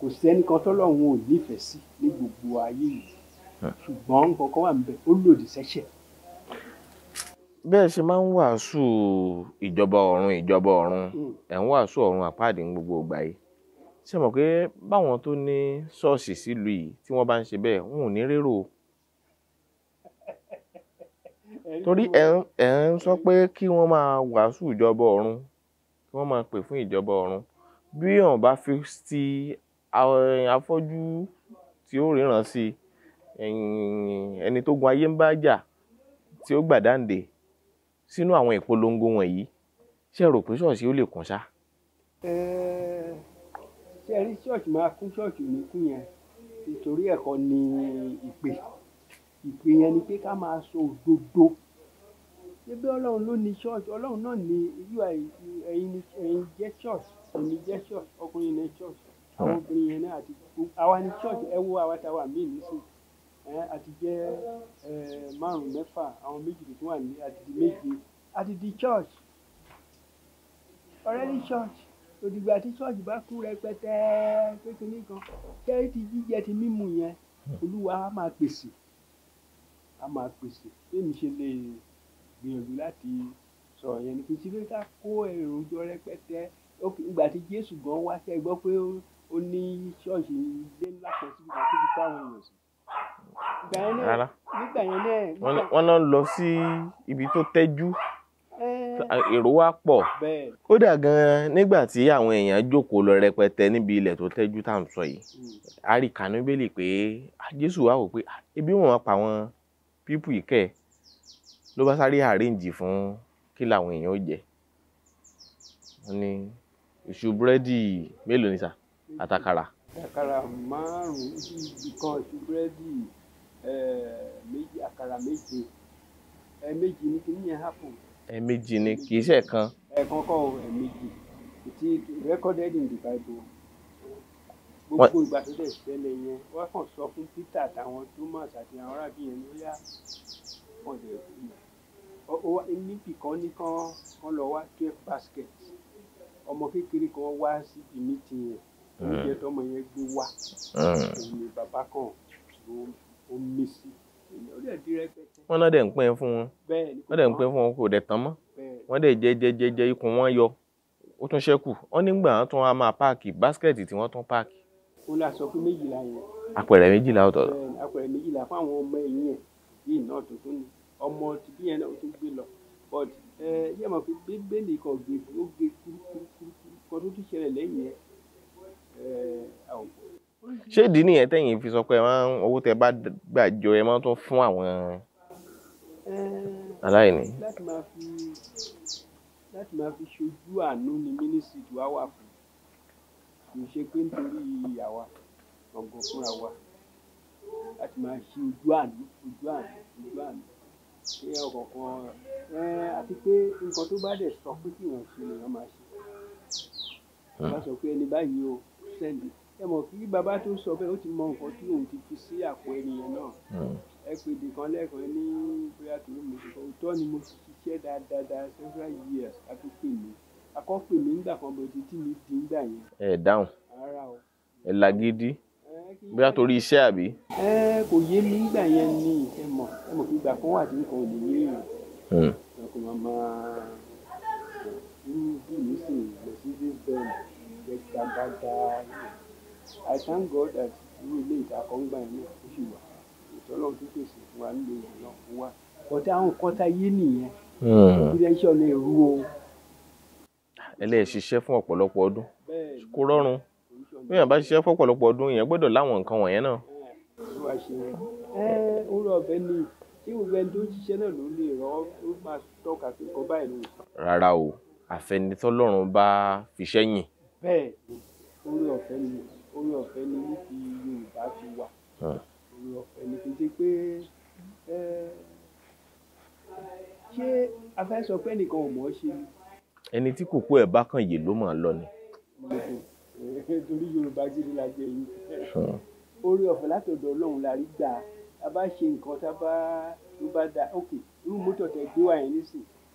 kò sẹ́nìkan tọ́lọ́run ò nífẹ̀ẹ́ sí ní gbogbo ayé yìí hmm. ṣùgbọ́n nǹkan kan wà níbẹ̀ ó lòdì sẹ́ṣẹ̀ bẹ́ẹ̀ ṣe máa ń wàásù ìjọba ọ̀run ìjọba ọ̀run ẹ̀ ń wàásù ọ̀run àpáàdé ní gbogbo ìgbà yìí ṣe mọ̀ pé báwọn tó ní ṣọ́ọ̀ṣì sílùú yìí tí wọ́n bá ń ṣe bẹ́ẹ̀ wọn ní rérò torí ẹ̀ ń sọ pé kí wọ́n máa wàásù ìjọba ọ̀run kí wọ́n máa pè fún ìjọba ọ̀run bí wọn bá fi ti afọ́jú tí ó ríran sí ẹni tó gun ayé ń bá jà tí ó gbàdáǹdè sínú àwọn ìpolongo wọ̀nyí ṣe rò pé ṣọ́ọ̀ṣì ó lè kún ṣá ṣé ẹ rí ṣọ́ọ̀ṣì máa kú ṣọ́ọ̀ṣì ní kú yẹn nítorí ẹ̀kọ́ ni ìpè ìpè yẹn ni pé ká máa sọ òdodo ṣébí ọlọ́run ló ní ṣọ́ọ̀ṣì ọlọ́run náà ní irú ẹ̀yin jẹ́ ṣọ́ọ̀ṣì èmi jẹ́ ṣọ́ọ̀ṣì ọkùnrin ní ṣọ́ọ̀ṣì àwọn obìnrin yẹn náà àti àwa ní ṣọ́ọ̀ṣì ẹ wo àwa táwa míì nísìnyí àti jẹ́ márùn mẹ́fà àwọn méjì tó wà ní àti di méje àti di church already church òdìgbà tí ṣọ́ọ̀ṣì bá kú rẹpẹtẹ kékeré kan kẹ́rì ti jíjẹ ti mímu yẹn hmm. olúwa a máa pèsè á máa pèsè bẹ́ẹ̀ni ṣe lè gbìyànjú láti sọ̀rọ̀ yẹn ni kì í ṣe pé ká kó èròjọ rẹpẹtẹ ìgbà tí jésù gan wá sí ẹ gbọ́ pé ó ní ṣọ́ọ̀ṣì ilé ńlá kan síbi kan síbi káwọn èèyàn sí nígbà yẹn náà wọ́n náà lọ sí ibi tó tẹ́jú. Eh, èrò wa pọ̀ kódà gan-an nígbà tí àwọn èèyàn jókòó lọ rẹpẹtẹ níbi ilẹ̀ tó tẹ́jú tá à ń sọ yìí hmm. a rí kànúbélì pé jésù wá wò pé ebi wọn pa àwọn pípù yìí kẹ́ ló bá sáré àríǹjì fún kí làwọn èèyàn ó jẹ wọn ní iṣu búrẹ́dì mélòó ni sà àtàkàrà. àkàrà márùn-ún nǹkan iṣu búrẹ́dì eh, àkàrà méje eh, méjì ní kí nìyẹn hápùn ẹ̀ẹ̀mejì ni kì í ṣe kan. ẹ̀ẹ̀kan kọ́ ẹ̀ẹ̀mejì ti recorded in the bible gbogbo ìgbà tó dẹ̀ ṣẹlẹ̀ yẹn wọ́n kàn sọ fún peter àtàwọn thomas àti àwọn arábí yẹn lóyà wọ́n dẹ̀ níbì kan ní kán kán lọ wá twelve basket ọmọ kékeré kan wá síbi meeting yẹn hmm. oúnjẹ tọmọ yẹn gbé wá hmm. òun ni bàbá kan ó mí sí wọ́n náà dẹ̀ ń pín fún wọn wọ́n dẹ̀ ń pín fún wọn kò dẹ̀ tán mọ́ wọ́n dẹ̀ jẹ jẹ jẹ jẹ ikùn wọn yọ ó tún ṣẹ́kù wọ́n nígbà wọn tún wá máa páàkì báskẹ̀tì tí wọ́n tún páàkì. ó lọ sọ fún méjìlá yẹn. apẹ̀rẹ̀ méjìlá ọ̀tọ̀ọ̀tọ̀. apẹ̀rẹ̀ méjìlá fún àwọn ọmọ ẹ̀yìn ẹ̀ yìí náà tó tún ọmọ ti bí yẹn náà tó gbé lọ but ẹ yẹ mọ̀ pé bíbélì kan gbé ó gbé kúrúkúrú kan tó tún ṣẹlẹ̀ lẹ́yìn ṣé ìdí nìyẹn tẹ̀yìn fi sọ pé ẹ máa ń owó tẹ bá gbà ẹ máa tún fún àwọn eh, aláìní. láti máa fi láti máa fi ṣojú àánú ni mínísítì wa wà fún kì í ṣe pé nítorí àwa ọ̀gọ̀ fúnra wa láti máa ṣe ojú àánú ojú àánú ojú àánú ṣe ọ̀kọ̀ọ̀kan eh, àti pé nǹkan tó bá dẹ̀ sọ pé kí wọ́n ṣe lèèyàn máa ṣe. wọ́n sọ pé ẹni báyìí o sẹ́ndì ẹ mọ̀ kí bàbá tó sọ bẹ́ẹ̀ ó ti mọ nǹkan tí òun ti fi sí àpò ènìyàn náà hmm. ẹ pè dè kan lẹ́ẹ̀kan ní bóyá tó ló mú un ni mo ti ṣiṣẹ́ dáadáa several years a tó pè mí akọ́ pè mí nígbà kan bọ̀ títí mi di nígbà yẹn. ẹ dáhùn ẹ lagídí bóyá torí iṣẹ́ àbí. ẹ kò yé mi nígbà yẹn ni ẹ mọ̀ ẹ mọ̀ ìgbà kan wà tí nǹkan ò lè yé èèyàn. Hmm. ẹ kò máa bí mi sì lọ sí bẹ́ẹ̀ gẹ́gẹ́ gbàgbà I thank God that irú ilé ìdákọ̀ǹgbà yẹn náà ó sì wà ìtọ́lọ́run tó pèsè fún wa nílé ìlú náà ó wà ọ̀tá àwọn kọ́tà yé nìyẹn ìdílẹ́sọ̀ hmm. lè rú o. ẹlẹ́ ṣiṣẹ́ fún ọ̀pọ̀lọpọ̀ ọdún kò rọrùn bí èèyàn bá ṣiṣẹ́ fún ọ̀pọ̀lọpọ̀ ọdún èèyàn gbọ́dọ̀ láwọn nǹkan wọ̀nyẹn náà. ẹ orí ọbẹ̀ ni tí gbogbo ẹni tó ṣiṣẹ́ náà ló lè rọ́ ó máa tọ́ka sí nǹkan báyìí ni. rárá o àfẹnitọ́lọ́run bá fi ṣẹ́yìn. bẹ́ẹ̀ orí ọ̀fẹ́ ni orí ọ̀fẹ́ ni ní ti Yorùbá ti wà hmm. orí ọ̀fẹ́ ni kì í pé ṣé a pé ẹnìkan ò mọ̀ ọ́ ṣe ẹni tí kòkó ẹ̀ bá kàn yè ló máa lọ ni. torí Yorùbá gidi la jẹ yìí hmm. orí ọ̀fẹ́ látọ̀dọ̀ Ọlọ́run la rí gbà a bá ṣe nǹkan tá a bá ló bá da ok irú mọ́tò tẹ gbé wá yẹn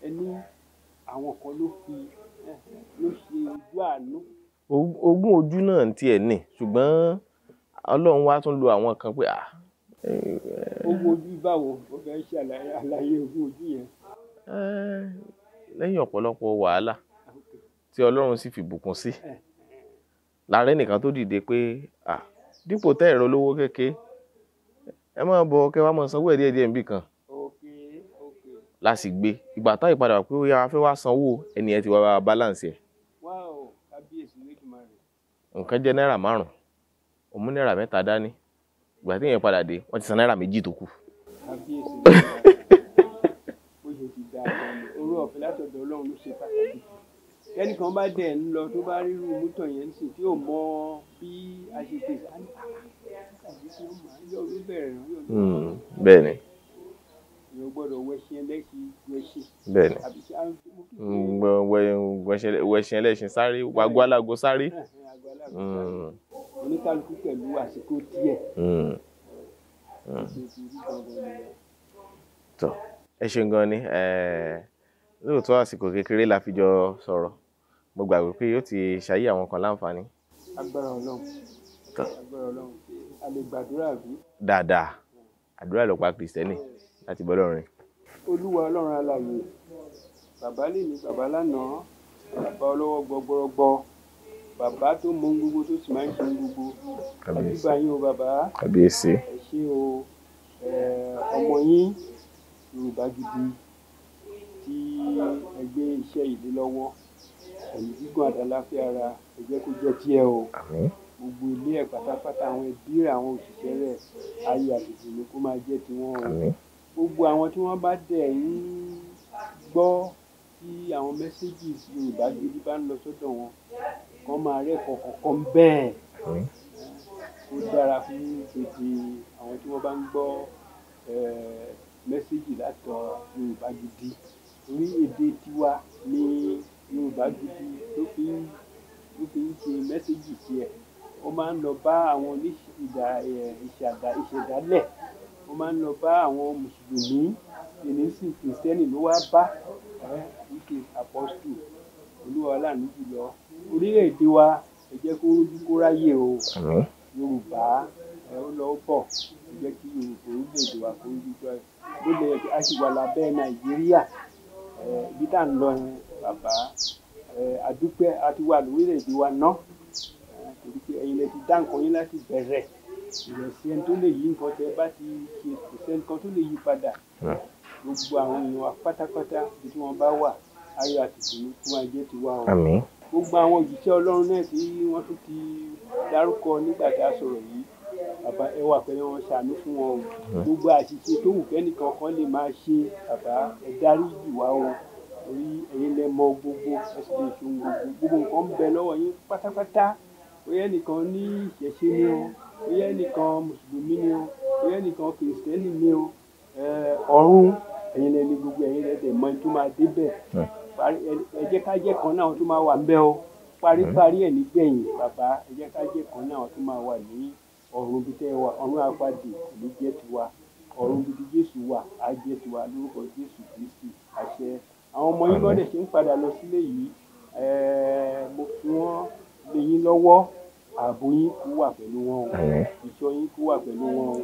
ẹni àwọn kan ló fi ló ṣe ojú àánú ogún ojú náà ti ẹ̀ nì ṣùgbọ́n ọlọ́run wá tún lo àwọn kan pé à. ogún ojú báwo o fẹ́ ṣe àlàyé ogún ojú yẹn. lẹ́yìn ọ̀pọ̀lọpọ̀ wàhálà tí ọlọ́run sì fìbùkún sí láàrin nìkan tó dìde pé à dípò tẹ́ ẹ̀rọ lówó kéke ẹ máa bọ kẹ wá máa sanwó ẹ̀ díẹ̀ díẹ̀ níbì kan la sì gbé ìgbà tá ìpadà pé ó yára fẹ́ wá sanwó ẹni ẹ ti wá balance ẹ̀ nǹkan jẹ́ náírà márùn ó mú náírà mẹ́ta dání ìgbà tí èèyàn padà dé wọ́n ti san náírà méjì tó kù. kẹ́nìkan bá dẹ̀ ń lọ tó bá rírú mọ́tò yẹn sì tí ò mọ bí a ṣe pè bẹ́ẹ̀ ni bẹ́ẹ̀ni mm, wẹ̀ṣẹ̀ ẹlẹ́ṣin sáré wàgbọ́ alágo [LAUGHS] mm. sáré. oníkálukú pẹ̀lú àsìkò díẹ̀. Mm. tọ ẹ ṣeun gan ni lóòótọ́ àsìkò kékeré la fi jọ sọ̀rọ̀ mo gbàgbé pé yóò ti ṣayé àwọn kan láǹfààní. agbára Ọlọ́run agbára Ọlọ́run a lè gbàdúrà bí. dáadáa àdúrà ló pa láti bọ́ lọ́rùn olúwa ọlọ́run alààyè bàbá lèmi bàbá lánàá bàbá ọlọ́wọ́ gbọgbọrọgbọ bàbá tó mọ ohun gbogbo tó sì máa ń ṣe ohun gbogbo àbíbá yín o bàbá kábíyèsí ẹ ṣé o ọmọ yín yorùbá gidi tí ẹgbẹ́ iṣẹ́ ìdí lọ́wọ́ ẹ̀yìn gígùn àtàláfíà ara ẹgbẹ́ kó jẹ́ tiẹ̀ o gbogbo ilé ẹ̀ pátápátá àwọn ẹbí rẹ̀ àwọn òṣìṣẹ́ rẹ̀ ayé àtìsí ni kó máa jẹ́ tiwọn o gbogbo àwọn tí wọ́n bá dẹ̀ ń gbọ́ tí àwọn messages Yorùbá Gidi bá ń lọ sọ́dọ̀ wọn kàn máa rẹ́kọ̀ọ́ kọ̀ọ̀kan bẹ́ẹ̀ hmm. ó dára fún gbèdé àwọn tí wọ́n bá ń gbọ́ mẹ́sẹ́jì látọ̀ Yorùbá Gidi torí èdè tiwa ni Yorùbá Gidi ló fi ń ló fi ń ṣe mẹ́sẹ́jì tiẹ̀ ó máa ń lọ bá àwọn oníṣẹ̀dálẹ̀ mo máa ń lọ bá àwọn mùsùlùmí ìnísìn kìrìsìtẹ́nì ló wá bá uk apostol olúwa ọlànà jùlọ orílẹ̀-èdè wa ẹ jẹ́ kó rójú o yorùbá ẹ ó lọ bọ̀ ẹ jẹ́ kí yorùbá orílẹ̀-èdè wa kó rójú kó ráyè bó lè a lábẹ́ nàìjíríà ibi tá à ń lọ yẹn bàbá àdúpẹ́ àti wà lórílẹ̀-èdè wa ná torí pé ẹ̀yin lè ti dá nǹkan yín láti bẹ̀rẹ̀ ìrẹsì ẹni tó lè yí nǹkan tẹ bá ti ṣe kò sẹ́ni kan tó lè yí padà gbogbo àwọn èèyàn wa pátápátá bí tí wọ́n bá wà ayọ̀ àtìgbòmí tí wọ́n jẹ́ ti wá o gbogbo àwọn òjíṣẹ́ ọlọ́run náà tí wọ́n tún ti dárúkọ nígbà tá a sọ̀rọ̀ yìí bàbá ẹ wà pẹ̀lú wọn ṣàánú fún wọn o gbogbo àṣìṣe tó wù kẹ́nìkan kan lè máa ṣe bàbá ẹ dárí ìwà wọn orí ẹ̀yin lẹ mọ gbogbo ẹsẹ̀ lè ṣòwò gbogbo nǹkan ń bẹ lọ́wọ́ yín pátápátá ó nìkan ní ìṣẹ̀ṣe ni wọn bóyá ẹnìkan mùsùlùmí ni o bóyá ẹnìkan kìrìsìtẹ́nì ni o ọ̀run ẹ̀yin lè ní gbogbo ẹ̀yin lẹ́dẹ̀ mọ tó máa débẹ̀ ẹ jẹ́ ká jẹ́ kan náà tó máa wà ńbẹ̀ o paríparí mm-hmm. ẹ̀ nígbẹ̀yìn bàbá ẹ jẹ́ ká jẹ́ kan náà tó máa wà ní ọ̀run bí tẹ́ wa ọ̀run àpàdé kò ní jẹ́ tiwa ọ̀run gidi jésù wà á jẹ́ tiwa lórúkọ jésù kristi àṣẹ àwọn ọmọ yín lọ́dẹ̀ ṣe ń padà lọ sílé yìí mo fi wọ́n lé yín lọ́wọ́ ààbò yín kó wà pẹ̀lú wọn o ìṣọ́ yín kó wà pẹ̀lú wọn o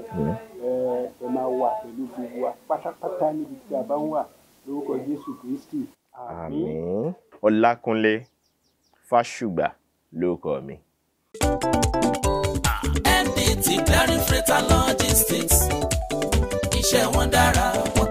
ẹ máa wà pẹ̀lú gbogbo pátápátá níbi tí a bá ń wà lórúkọ Jésù Kristi. àmín Ọlákúnlé Fásùgbà lórúkọ mi. ẹni tí clearing freighter logistics iṣẹ́ wọn dára wọn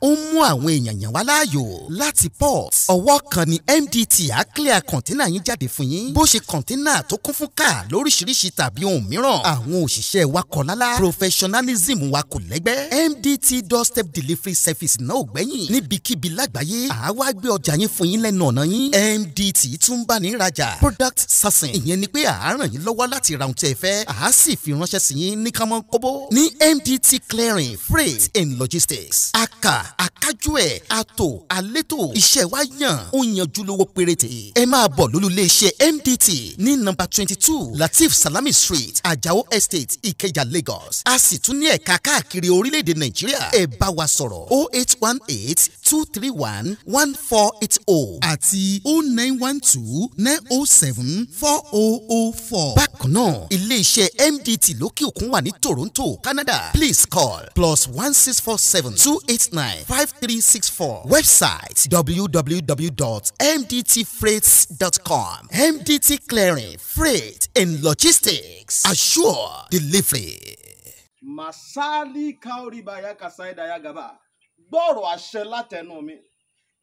ó ń mú àwọn èèyàn yàn wá láàyò láti port ọwọ́ kan ni MDT á clear kọ̀ńténà yín jáde fún yín bó ṣe kọ̀ńténà tó kún fún káà lóríṣiríṣi tàbí ohun mìíràn àwọn òṣìṣẹ́ wa kọ̀ lálá professionalism wa kò lẹ́gbẹ́ MDT doorstep delivery service náà ò gbẹ́yìn níbikíbi lágbàáyé àwa gbé ọjà yín fún yín lẹ́nu ọ̀nà yín MDT tún bá ní ìrajà product sourcing ìyẹn ni pé à á ràn yín lọ́wọ́ láti ra ohun tí ẹ fẹ́ à á sì fi ránṣẹ́ sí yín ní kámọ́ kóbó ní MDT clearing freight and logistics aka I, ah. aṣáájú ẹ̀ àtò àlétò iṣẹ́ wa yàn ó yanjú lówó péréte ẹ máa bọ̀ lólulẹ̀ iṣẹ́ MDT ní nọ́mbà twenty two Latif Salami Street Ajao Estate Ikeja Lagos a sì tún ní ẹ̀ka káàkiri orílẹ̀-èdè Nàìjíríà ẹ bá wa sọ̀rọ̀ o oh eight one eight two three one one four eight o oh àti o oh nine one two nine o seven four o o four. bákan náà ilé-iṣẹ́ MDT lókè òkun wà ní Toronto Canada please call plus one six four seven two eight nine five three six four website www.mdtfreight.com MDT Clearing Freight and Logistics assure delivery. masali kaoribaya kasaidaya gaba gbọ́rọ̀ àṣẹ látẹnu mi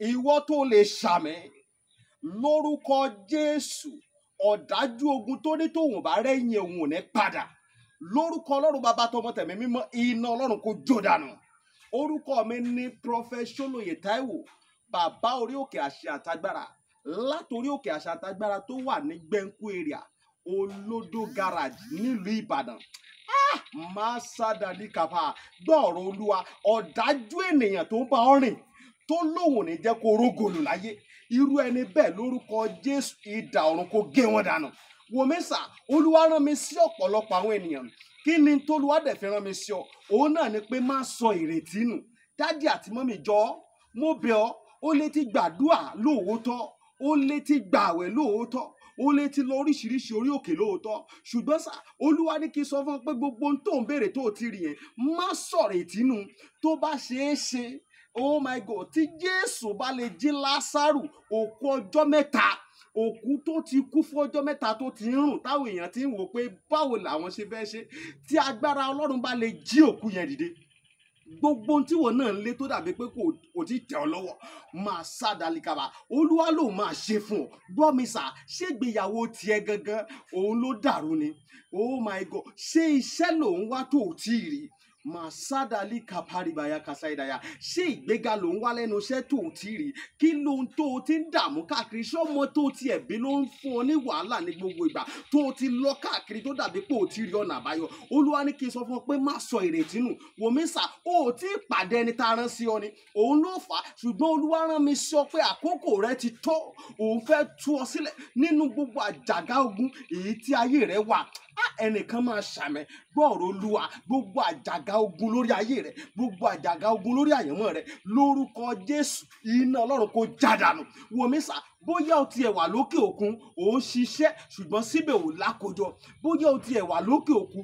ìwọ tó lè ṣàmì lórúkọ Jésù ọ̀dájú ogun tó ní tòun bá rẹ́yìn òun ò ní padà lórúkọ ọlọ́run bàbá tọmọ tẹ̀mí mímọ́ iná ọlọ́run kò jó dànù orúkọ mi ní prophet Ṣólóyè Táíwò bàbá orí òkè àṣẹ àtagbára látòrí òkè àṣẹ àtagbára tó wà ní gbẹ̀ǹkú area olódó garage nílùú Ìbàdàn ah, máa sádà ní kàfà gbọ́ọ̀rọ̀ olúwa ọ̀dájú ènìyàn tó ń bá ọ rìn tó lóun ní jẹ́ kó rógòlù láyé irú ẹni bẹ́ẹ̀ lórúkọ Jésù idà ọ̀run kó gé wọn dànù wòmísà olúwa rán mi sí ọ̀pọ̀lọpọ̀ àwọn ènìyàn kí ni tolúwa dẹ̀ fi rán mi sí ọ òun náà ni pé má sọ ìrètí nù dádì àti mọ́mì jọ ọ́ mo bẹ̀ ọ́ ó lè ti gbàdúà lóòótọ́ ó lè ti gbààwẹ̀ lóòótọ́ ó lè ti lọ oríṣiríṣi orí òkè lóòótọ́ ṣùgbọ́n sá olúwa ní kí n sọ fún ọ pé gbogbo ohun tó ń béèrè tó ti rí yẹn má sọ̀rọ̀ ìtínú tó bá ṣeé ṣe oh my god tí jésù bá lè jí lásàrù òkú ọjọ́ mẹ́ta òkú tó ti kú fọ́jọ́ mẹ́ta tó ti ń rùn táwọn èèyàn ti ń wò pé báwo làwọn ṣe fẹ́ ṣe tí agbára ọlọ́run bá lè jí òkú yẹn dìde gbogbo ohun tíwọ náà ń lé tó dàbí pé kò tí tẹ̀ ọ́ lọ́wọ́ máa sá dalikaba olúwa ló máa ṣe fún ọ gbọ́ mi sà ṣégbéyàwó tiẹ̀ gangan òun ló dàrú ni oh my god ṣé iṣẹ́ lòun wá tó ò tí ì rí màsádàlì kàpárìbàyà kàsáìdàyà ṣé ìgbéga ló ń wá lẹ́nu iṣẹ́ tó ti rí kí ló ń tó o ti ń dààmú káàkiri ṣé ọmọ tó tiẹ̀ bí ló ń fún ọ ní wàhálà ní gbogbo ìgbà tó o ti lọ káàkiri tó dàbí pé o ti rí ọ̀nà àbáyọ olúwa ní kí n sọ fún ọ pé má sọ ìrètí nù wòmísà o ò tí ì pàdé ẹni tá a rán sí ọ ni òun ló fà á ṣùgbọ́n olúwa rán mi sọ pé àkókò rẹ ti tó òun fẹ́ tú ọ sílẹ̀ ẹnìkan máa ṣàmẹ gbọ́ọ̀rọ̀ olúwa gbogbo àjàgà ogun lórí ayé rẹ gbogbo àjàgà ogun lórí àyànmọ́ rẹ lórúkọ jésù iná ọlọ́run kò jádànù wòmísà bóyá o tiẹ̀ wà lókè òkun ò ń ṣiṣẹ́ ṣùgbọ́n síbẹ̀ ò lákojọ bóyá o tiẹ̀ wà lókè òkun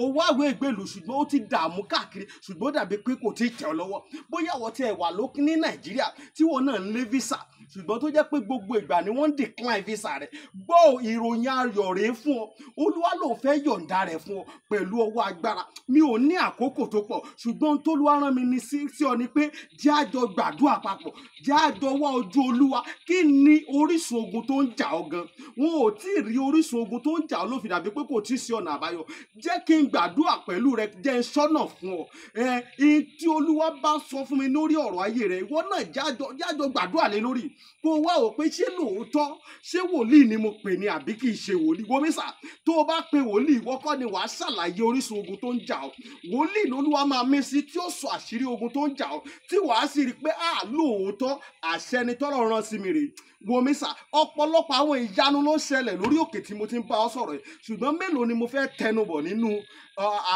ò wáwé ìgbèlú ṣùgbọ́n ó ti dààmú káàkiri ṣùgbọ́n dàbí pé kò ti tẹ̀ ọ́ lọ́wọ́ bóyá o tiẹ̀ wà lókè ní nàìjíríà tí wọn náà ń lé visa ṣùgbọ́n tó jẹ́ pé gbogbo ìgbà ni wọ́n ń decline visa rẹ̀ gbọ́ ìròyìn ayọ̀ rèé fún ọ olúwa ló fẹ́ yọ̀ǹda rẹ̀ fún ọ pẹ̀lú ọwọ́ agbára mi ò ní àkókò tó pọ̀ ṣùgbọ́n tólúwa rán mi ní sí ọ ni pé jẹ́ àjọ gbàdúrà papọ̀ jẹ́ àjọ wá ojú olúwa kí ni orísun ogun tó ń jà ọ gan wọn ò tí ì rí orísun ogun tó ń jà ọ ló fi dàbí pé kò tí ì sí ọ̀nà àbáyọ jẹ́ kí n gbàdúrà pẹ̀lú rẹ jẹ́ n sọ́nà fún ọ ẹ tí olúwa bá sọ fún mi lórí ọ̀rọ̀ ayé rẹ ìwọ náà jájọ jájọ gbàdúrà lé lórí kó o wá wò pé ṣé hmm. lóòótọ́ ṣé wòlíì ni mo pè ní àbí kì í ṣe wòlíì wo mísà tó o bá pe wòlíì ìwọ kọ́ ni wàá ṣàlàyé orísun ogun tó ń jà ọ́ wòlíì lolúwa máa mí sí tí ó sọ àṣírí ogun tó ń jà ọ́ tí wàá sì rí i pé a lóòótọ́ àṣẹ ni tọ́lọ̀ rán sí mi rèé wo mísà ọ̀pọ̀lọpọ̀ àwọn ìyanu ló ń ṣẹlẹ̀ lórí òkè tí mo ti ń bá ọ sọ̀rọ̀ yìí ṣùgbọ́n mélòó ni mo fẹ́ tẹnubọ̀ nínú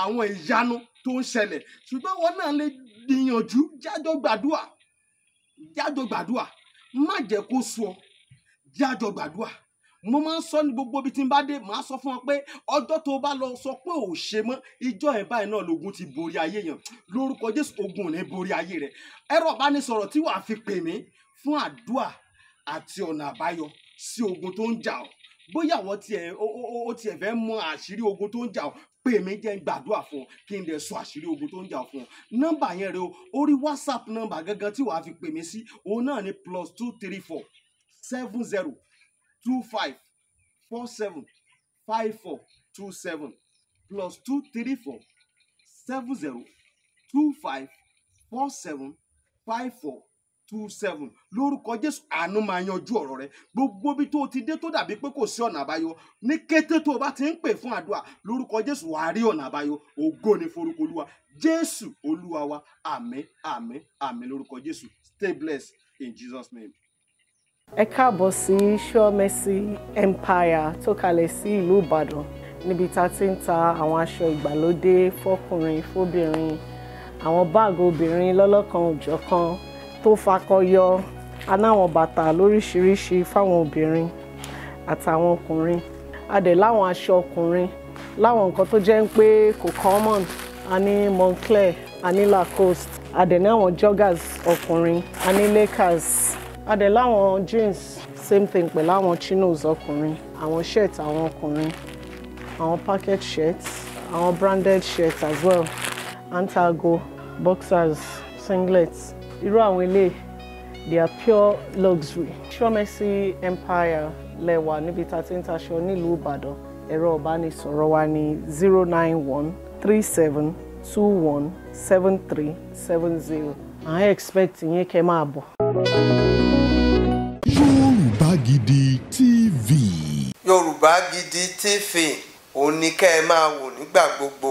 àwọn ìyanu tó ń ṣẹlẹ̀ ṣùgbọ́n wọn náà lè gbìyànjú jájọ́ gbàdúà jájọ́ gbàdúà má jẹ́ kó sú ọ jẹ́ àjọ gbàdúrà mo máa ń sọ ní gbogbo ibi tí n bá dé màá sọ fún ọ pé ọjọ́ tó o bá lọ sọ pé ò ṣe mọ́ ìjọ ẹ̀ báyìí náà lògùn ti borí ayé yẹn lórúkọ jésù ogun ò ní borí ayé rẹ ẹ̀rọ ìbánisọ̀rọ̀ tí wàá fi pè mí fún àdúà àti ọ̀nà àbáyọ sí ogun tó ń jà ọ́ bóyá àwọn tiẹ̀ ó tiẹ̀ fẹ́ mọ àṣírí ogun tó ń jà ọ́ pè mí jẹ́ ń gbàdúrà fún ọ kí n dẹ̀ sọ àṣírí ogun tó ń jà fún ọ nọ́mbà yẹn rẹ o orí whatsapp nọ́mbà gangan tí wàá fi pè mí sí òun náà ni plus two three four seven zero two five four seven five four two seven plus two three four seven zero two five four seven five four two seven lórúkọ jésù àánú máa yanjú ọ̀rọ̀ rẹ gbogbo bí tó ti dé tó dàbí pé kò sí ọ̀nà àbáyọ ní kété tó o bá ti ń pè fún àdúrà lórúkọ jésù wàá rí ọ̀nà àbáyọ ògo ni forúkọ olúwa jésù olúwa wa àmín àmín àmín lórúkọ jésù stay blessed in jesus name. ẹ káàbọ̀ sí sure mercy empire tó kalẹ̀ sí ìlú ìbàdàn níbi tá a ti ń ta àwọn aṣọ ìgbàlódé fọkùnrin fóbìnrin àwọn báàgì obìnrin lọ́lọ́kan òjọ̀kan tó fakọyọ anáwọn bàtà lóríṣiríṣi fáwọn obìnrin àtàwọn ọkùnrin a dẹ̀ láwọn aṣọ ọkùnrin láwọn nǹkan tó jẹ́ pé kò common a ní Moncler a ní Lacoste a dẹ̀ ní àwọn joggers ọkùnrin a ní Lakers a dẹ̀ láwọn jeans same thing pẹ̀lú àwọn chinos ọkùnrin àwọn shirt àwọn ọkùnrin àwọn packet shirts àwọn branded shirts as well antago boxers singlets irú àwọn ilé they are pure luxury. Ṣọ́mẹ́sì Empire lẹ́wà níbi tá a ti ń taṣọ nílùú Ìbàdàn ẹ̀rọ ìbánisọ̀rọ̀ wa ní zero nine one three seven two one seven three seven zero. à ń expect yín kẹ́ máa bọ̀. Yorùbá Gidi TV. Yorùbá Gidi TV òun ni kẹ́ ẹ máa wò nígbà gbogbo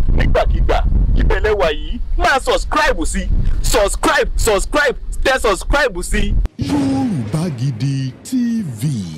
nígbàkigbà ìbẹ̀lẹ́wà yìí máa subscribe sí subscribe subscribe tẹ subscribe sí. Yorùbá Gidi TV.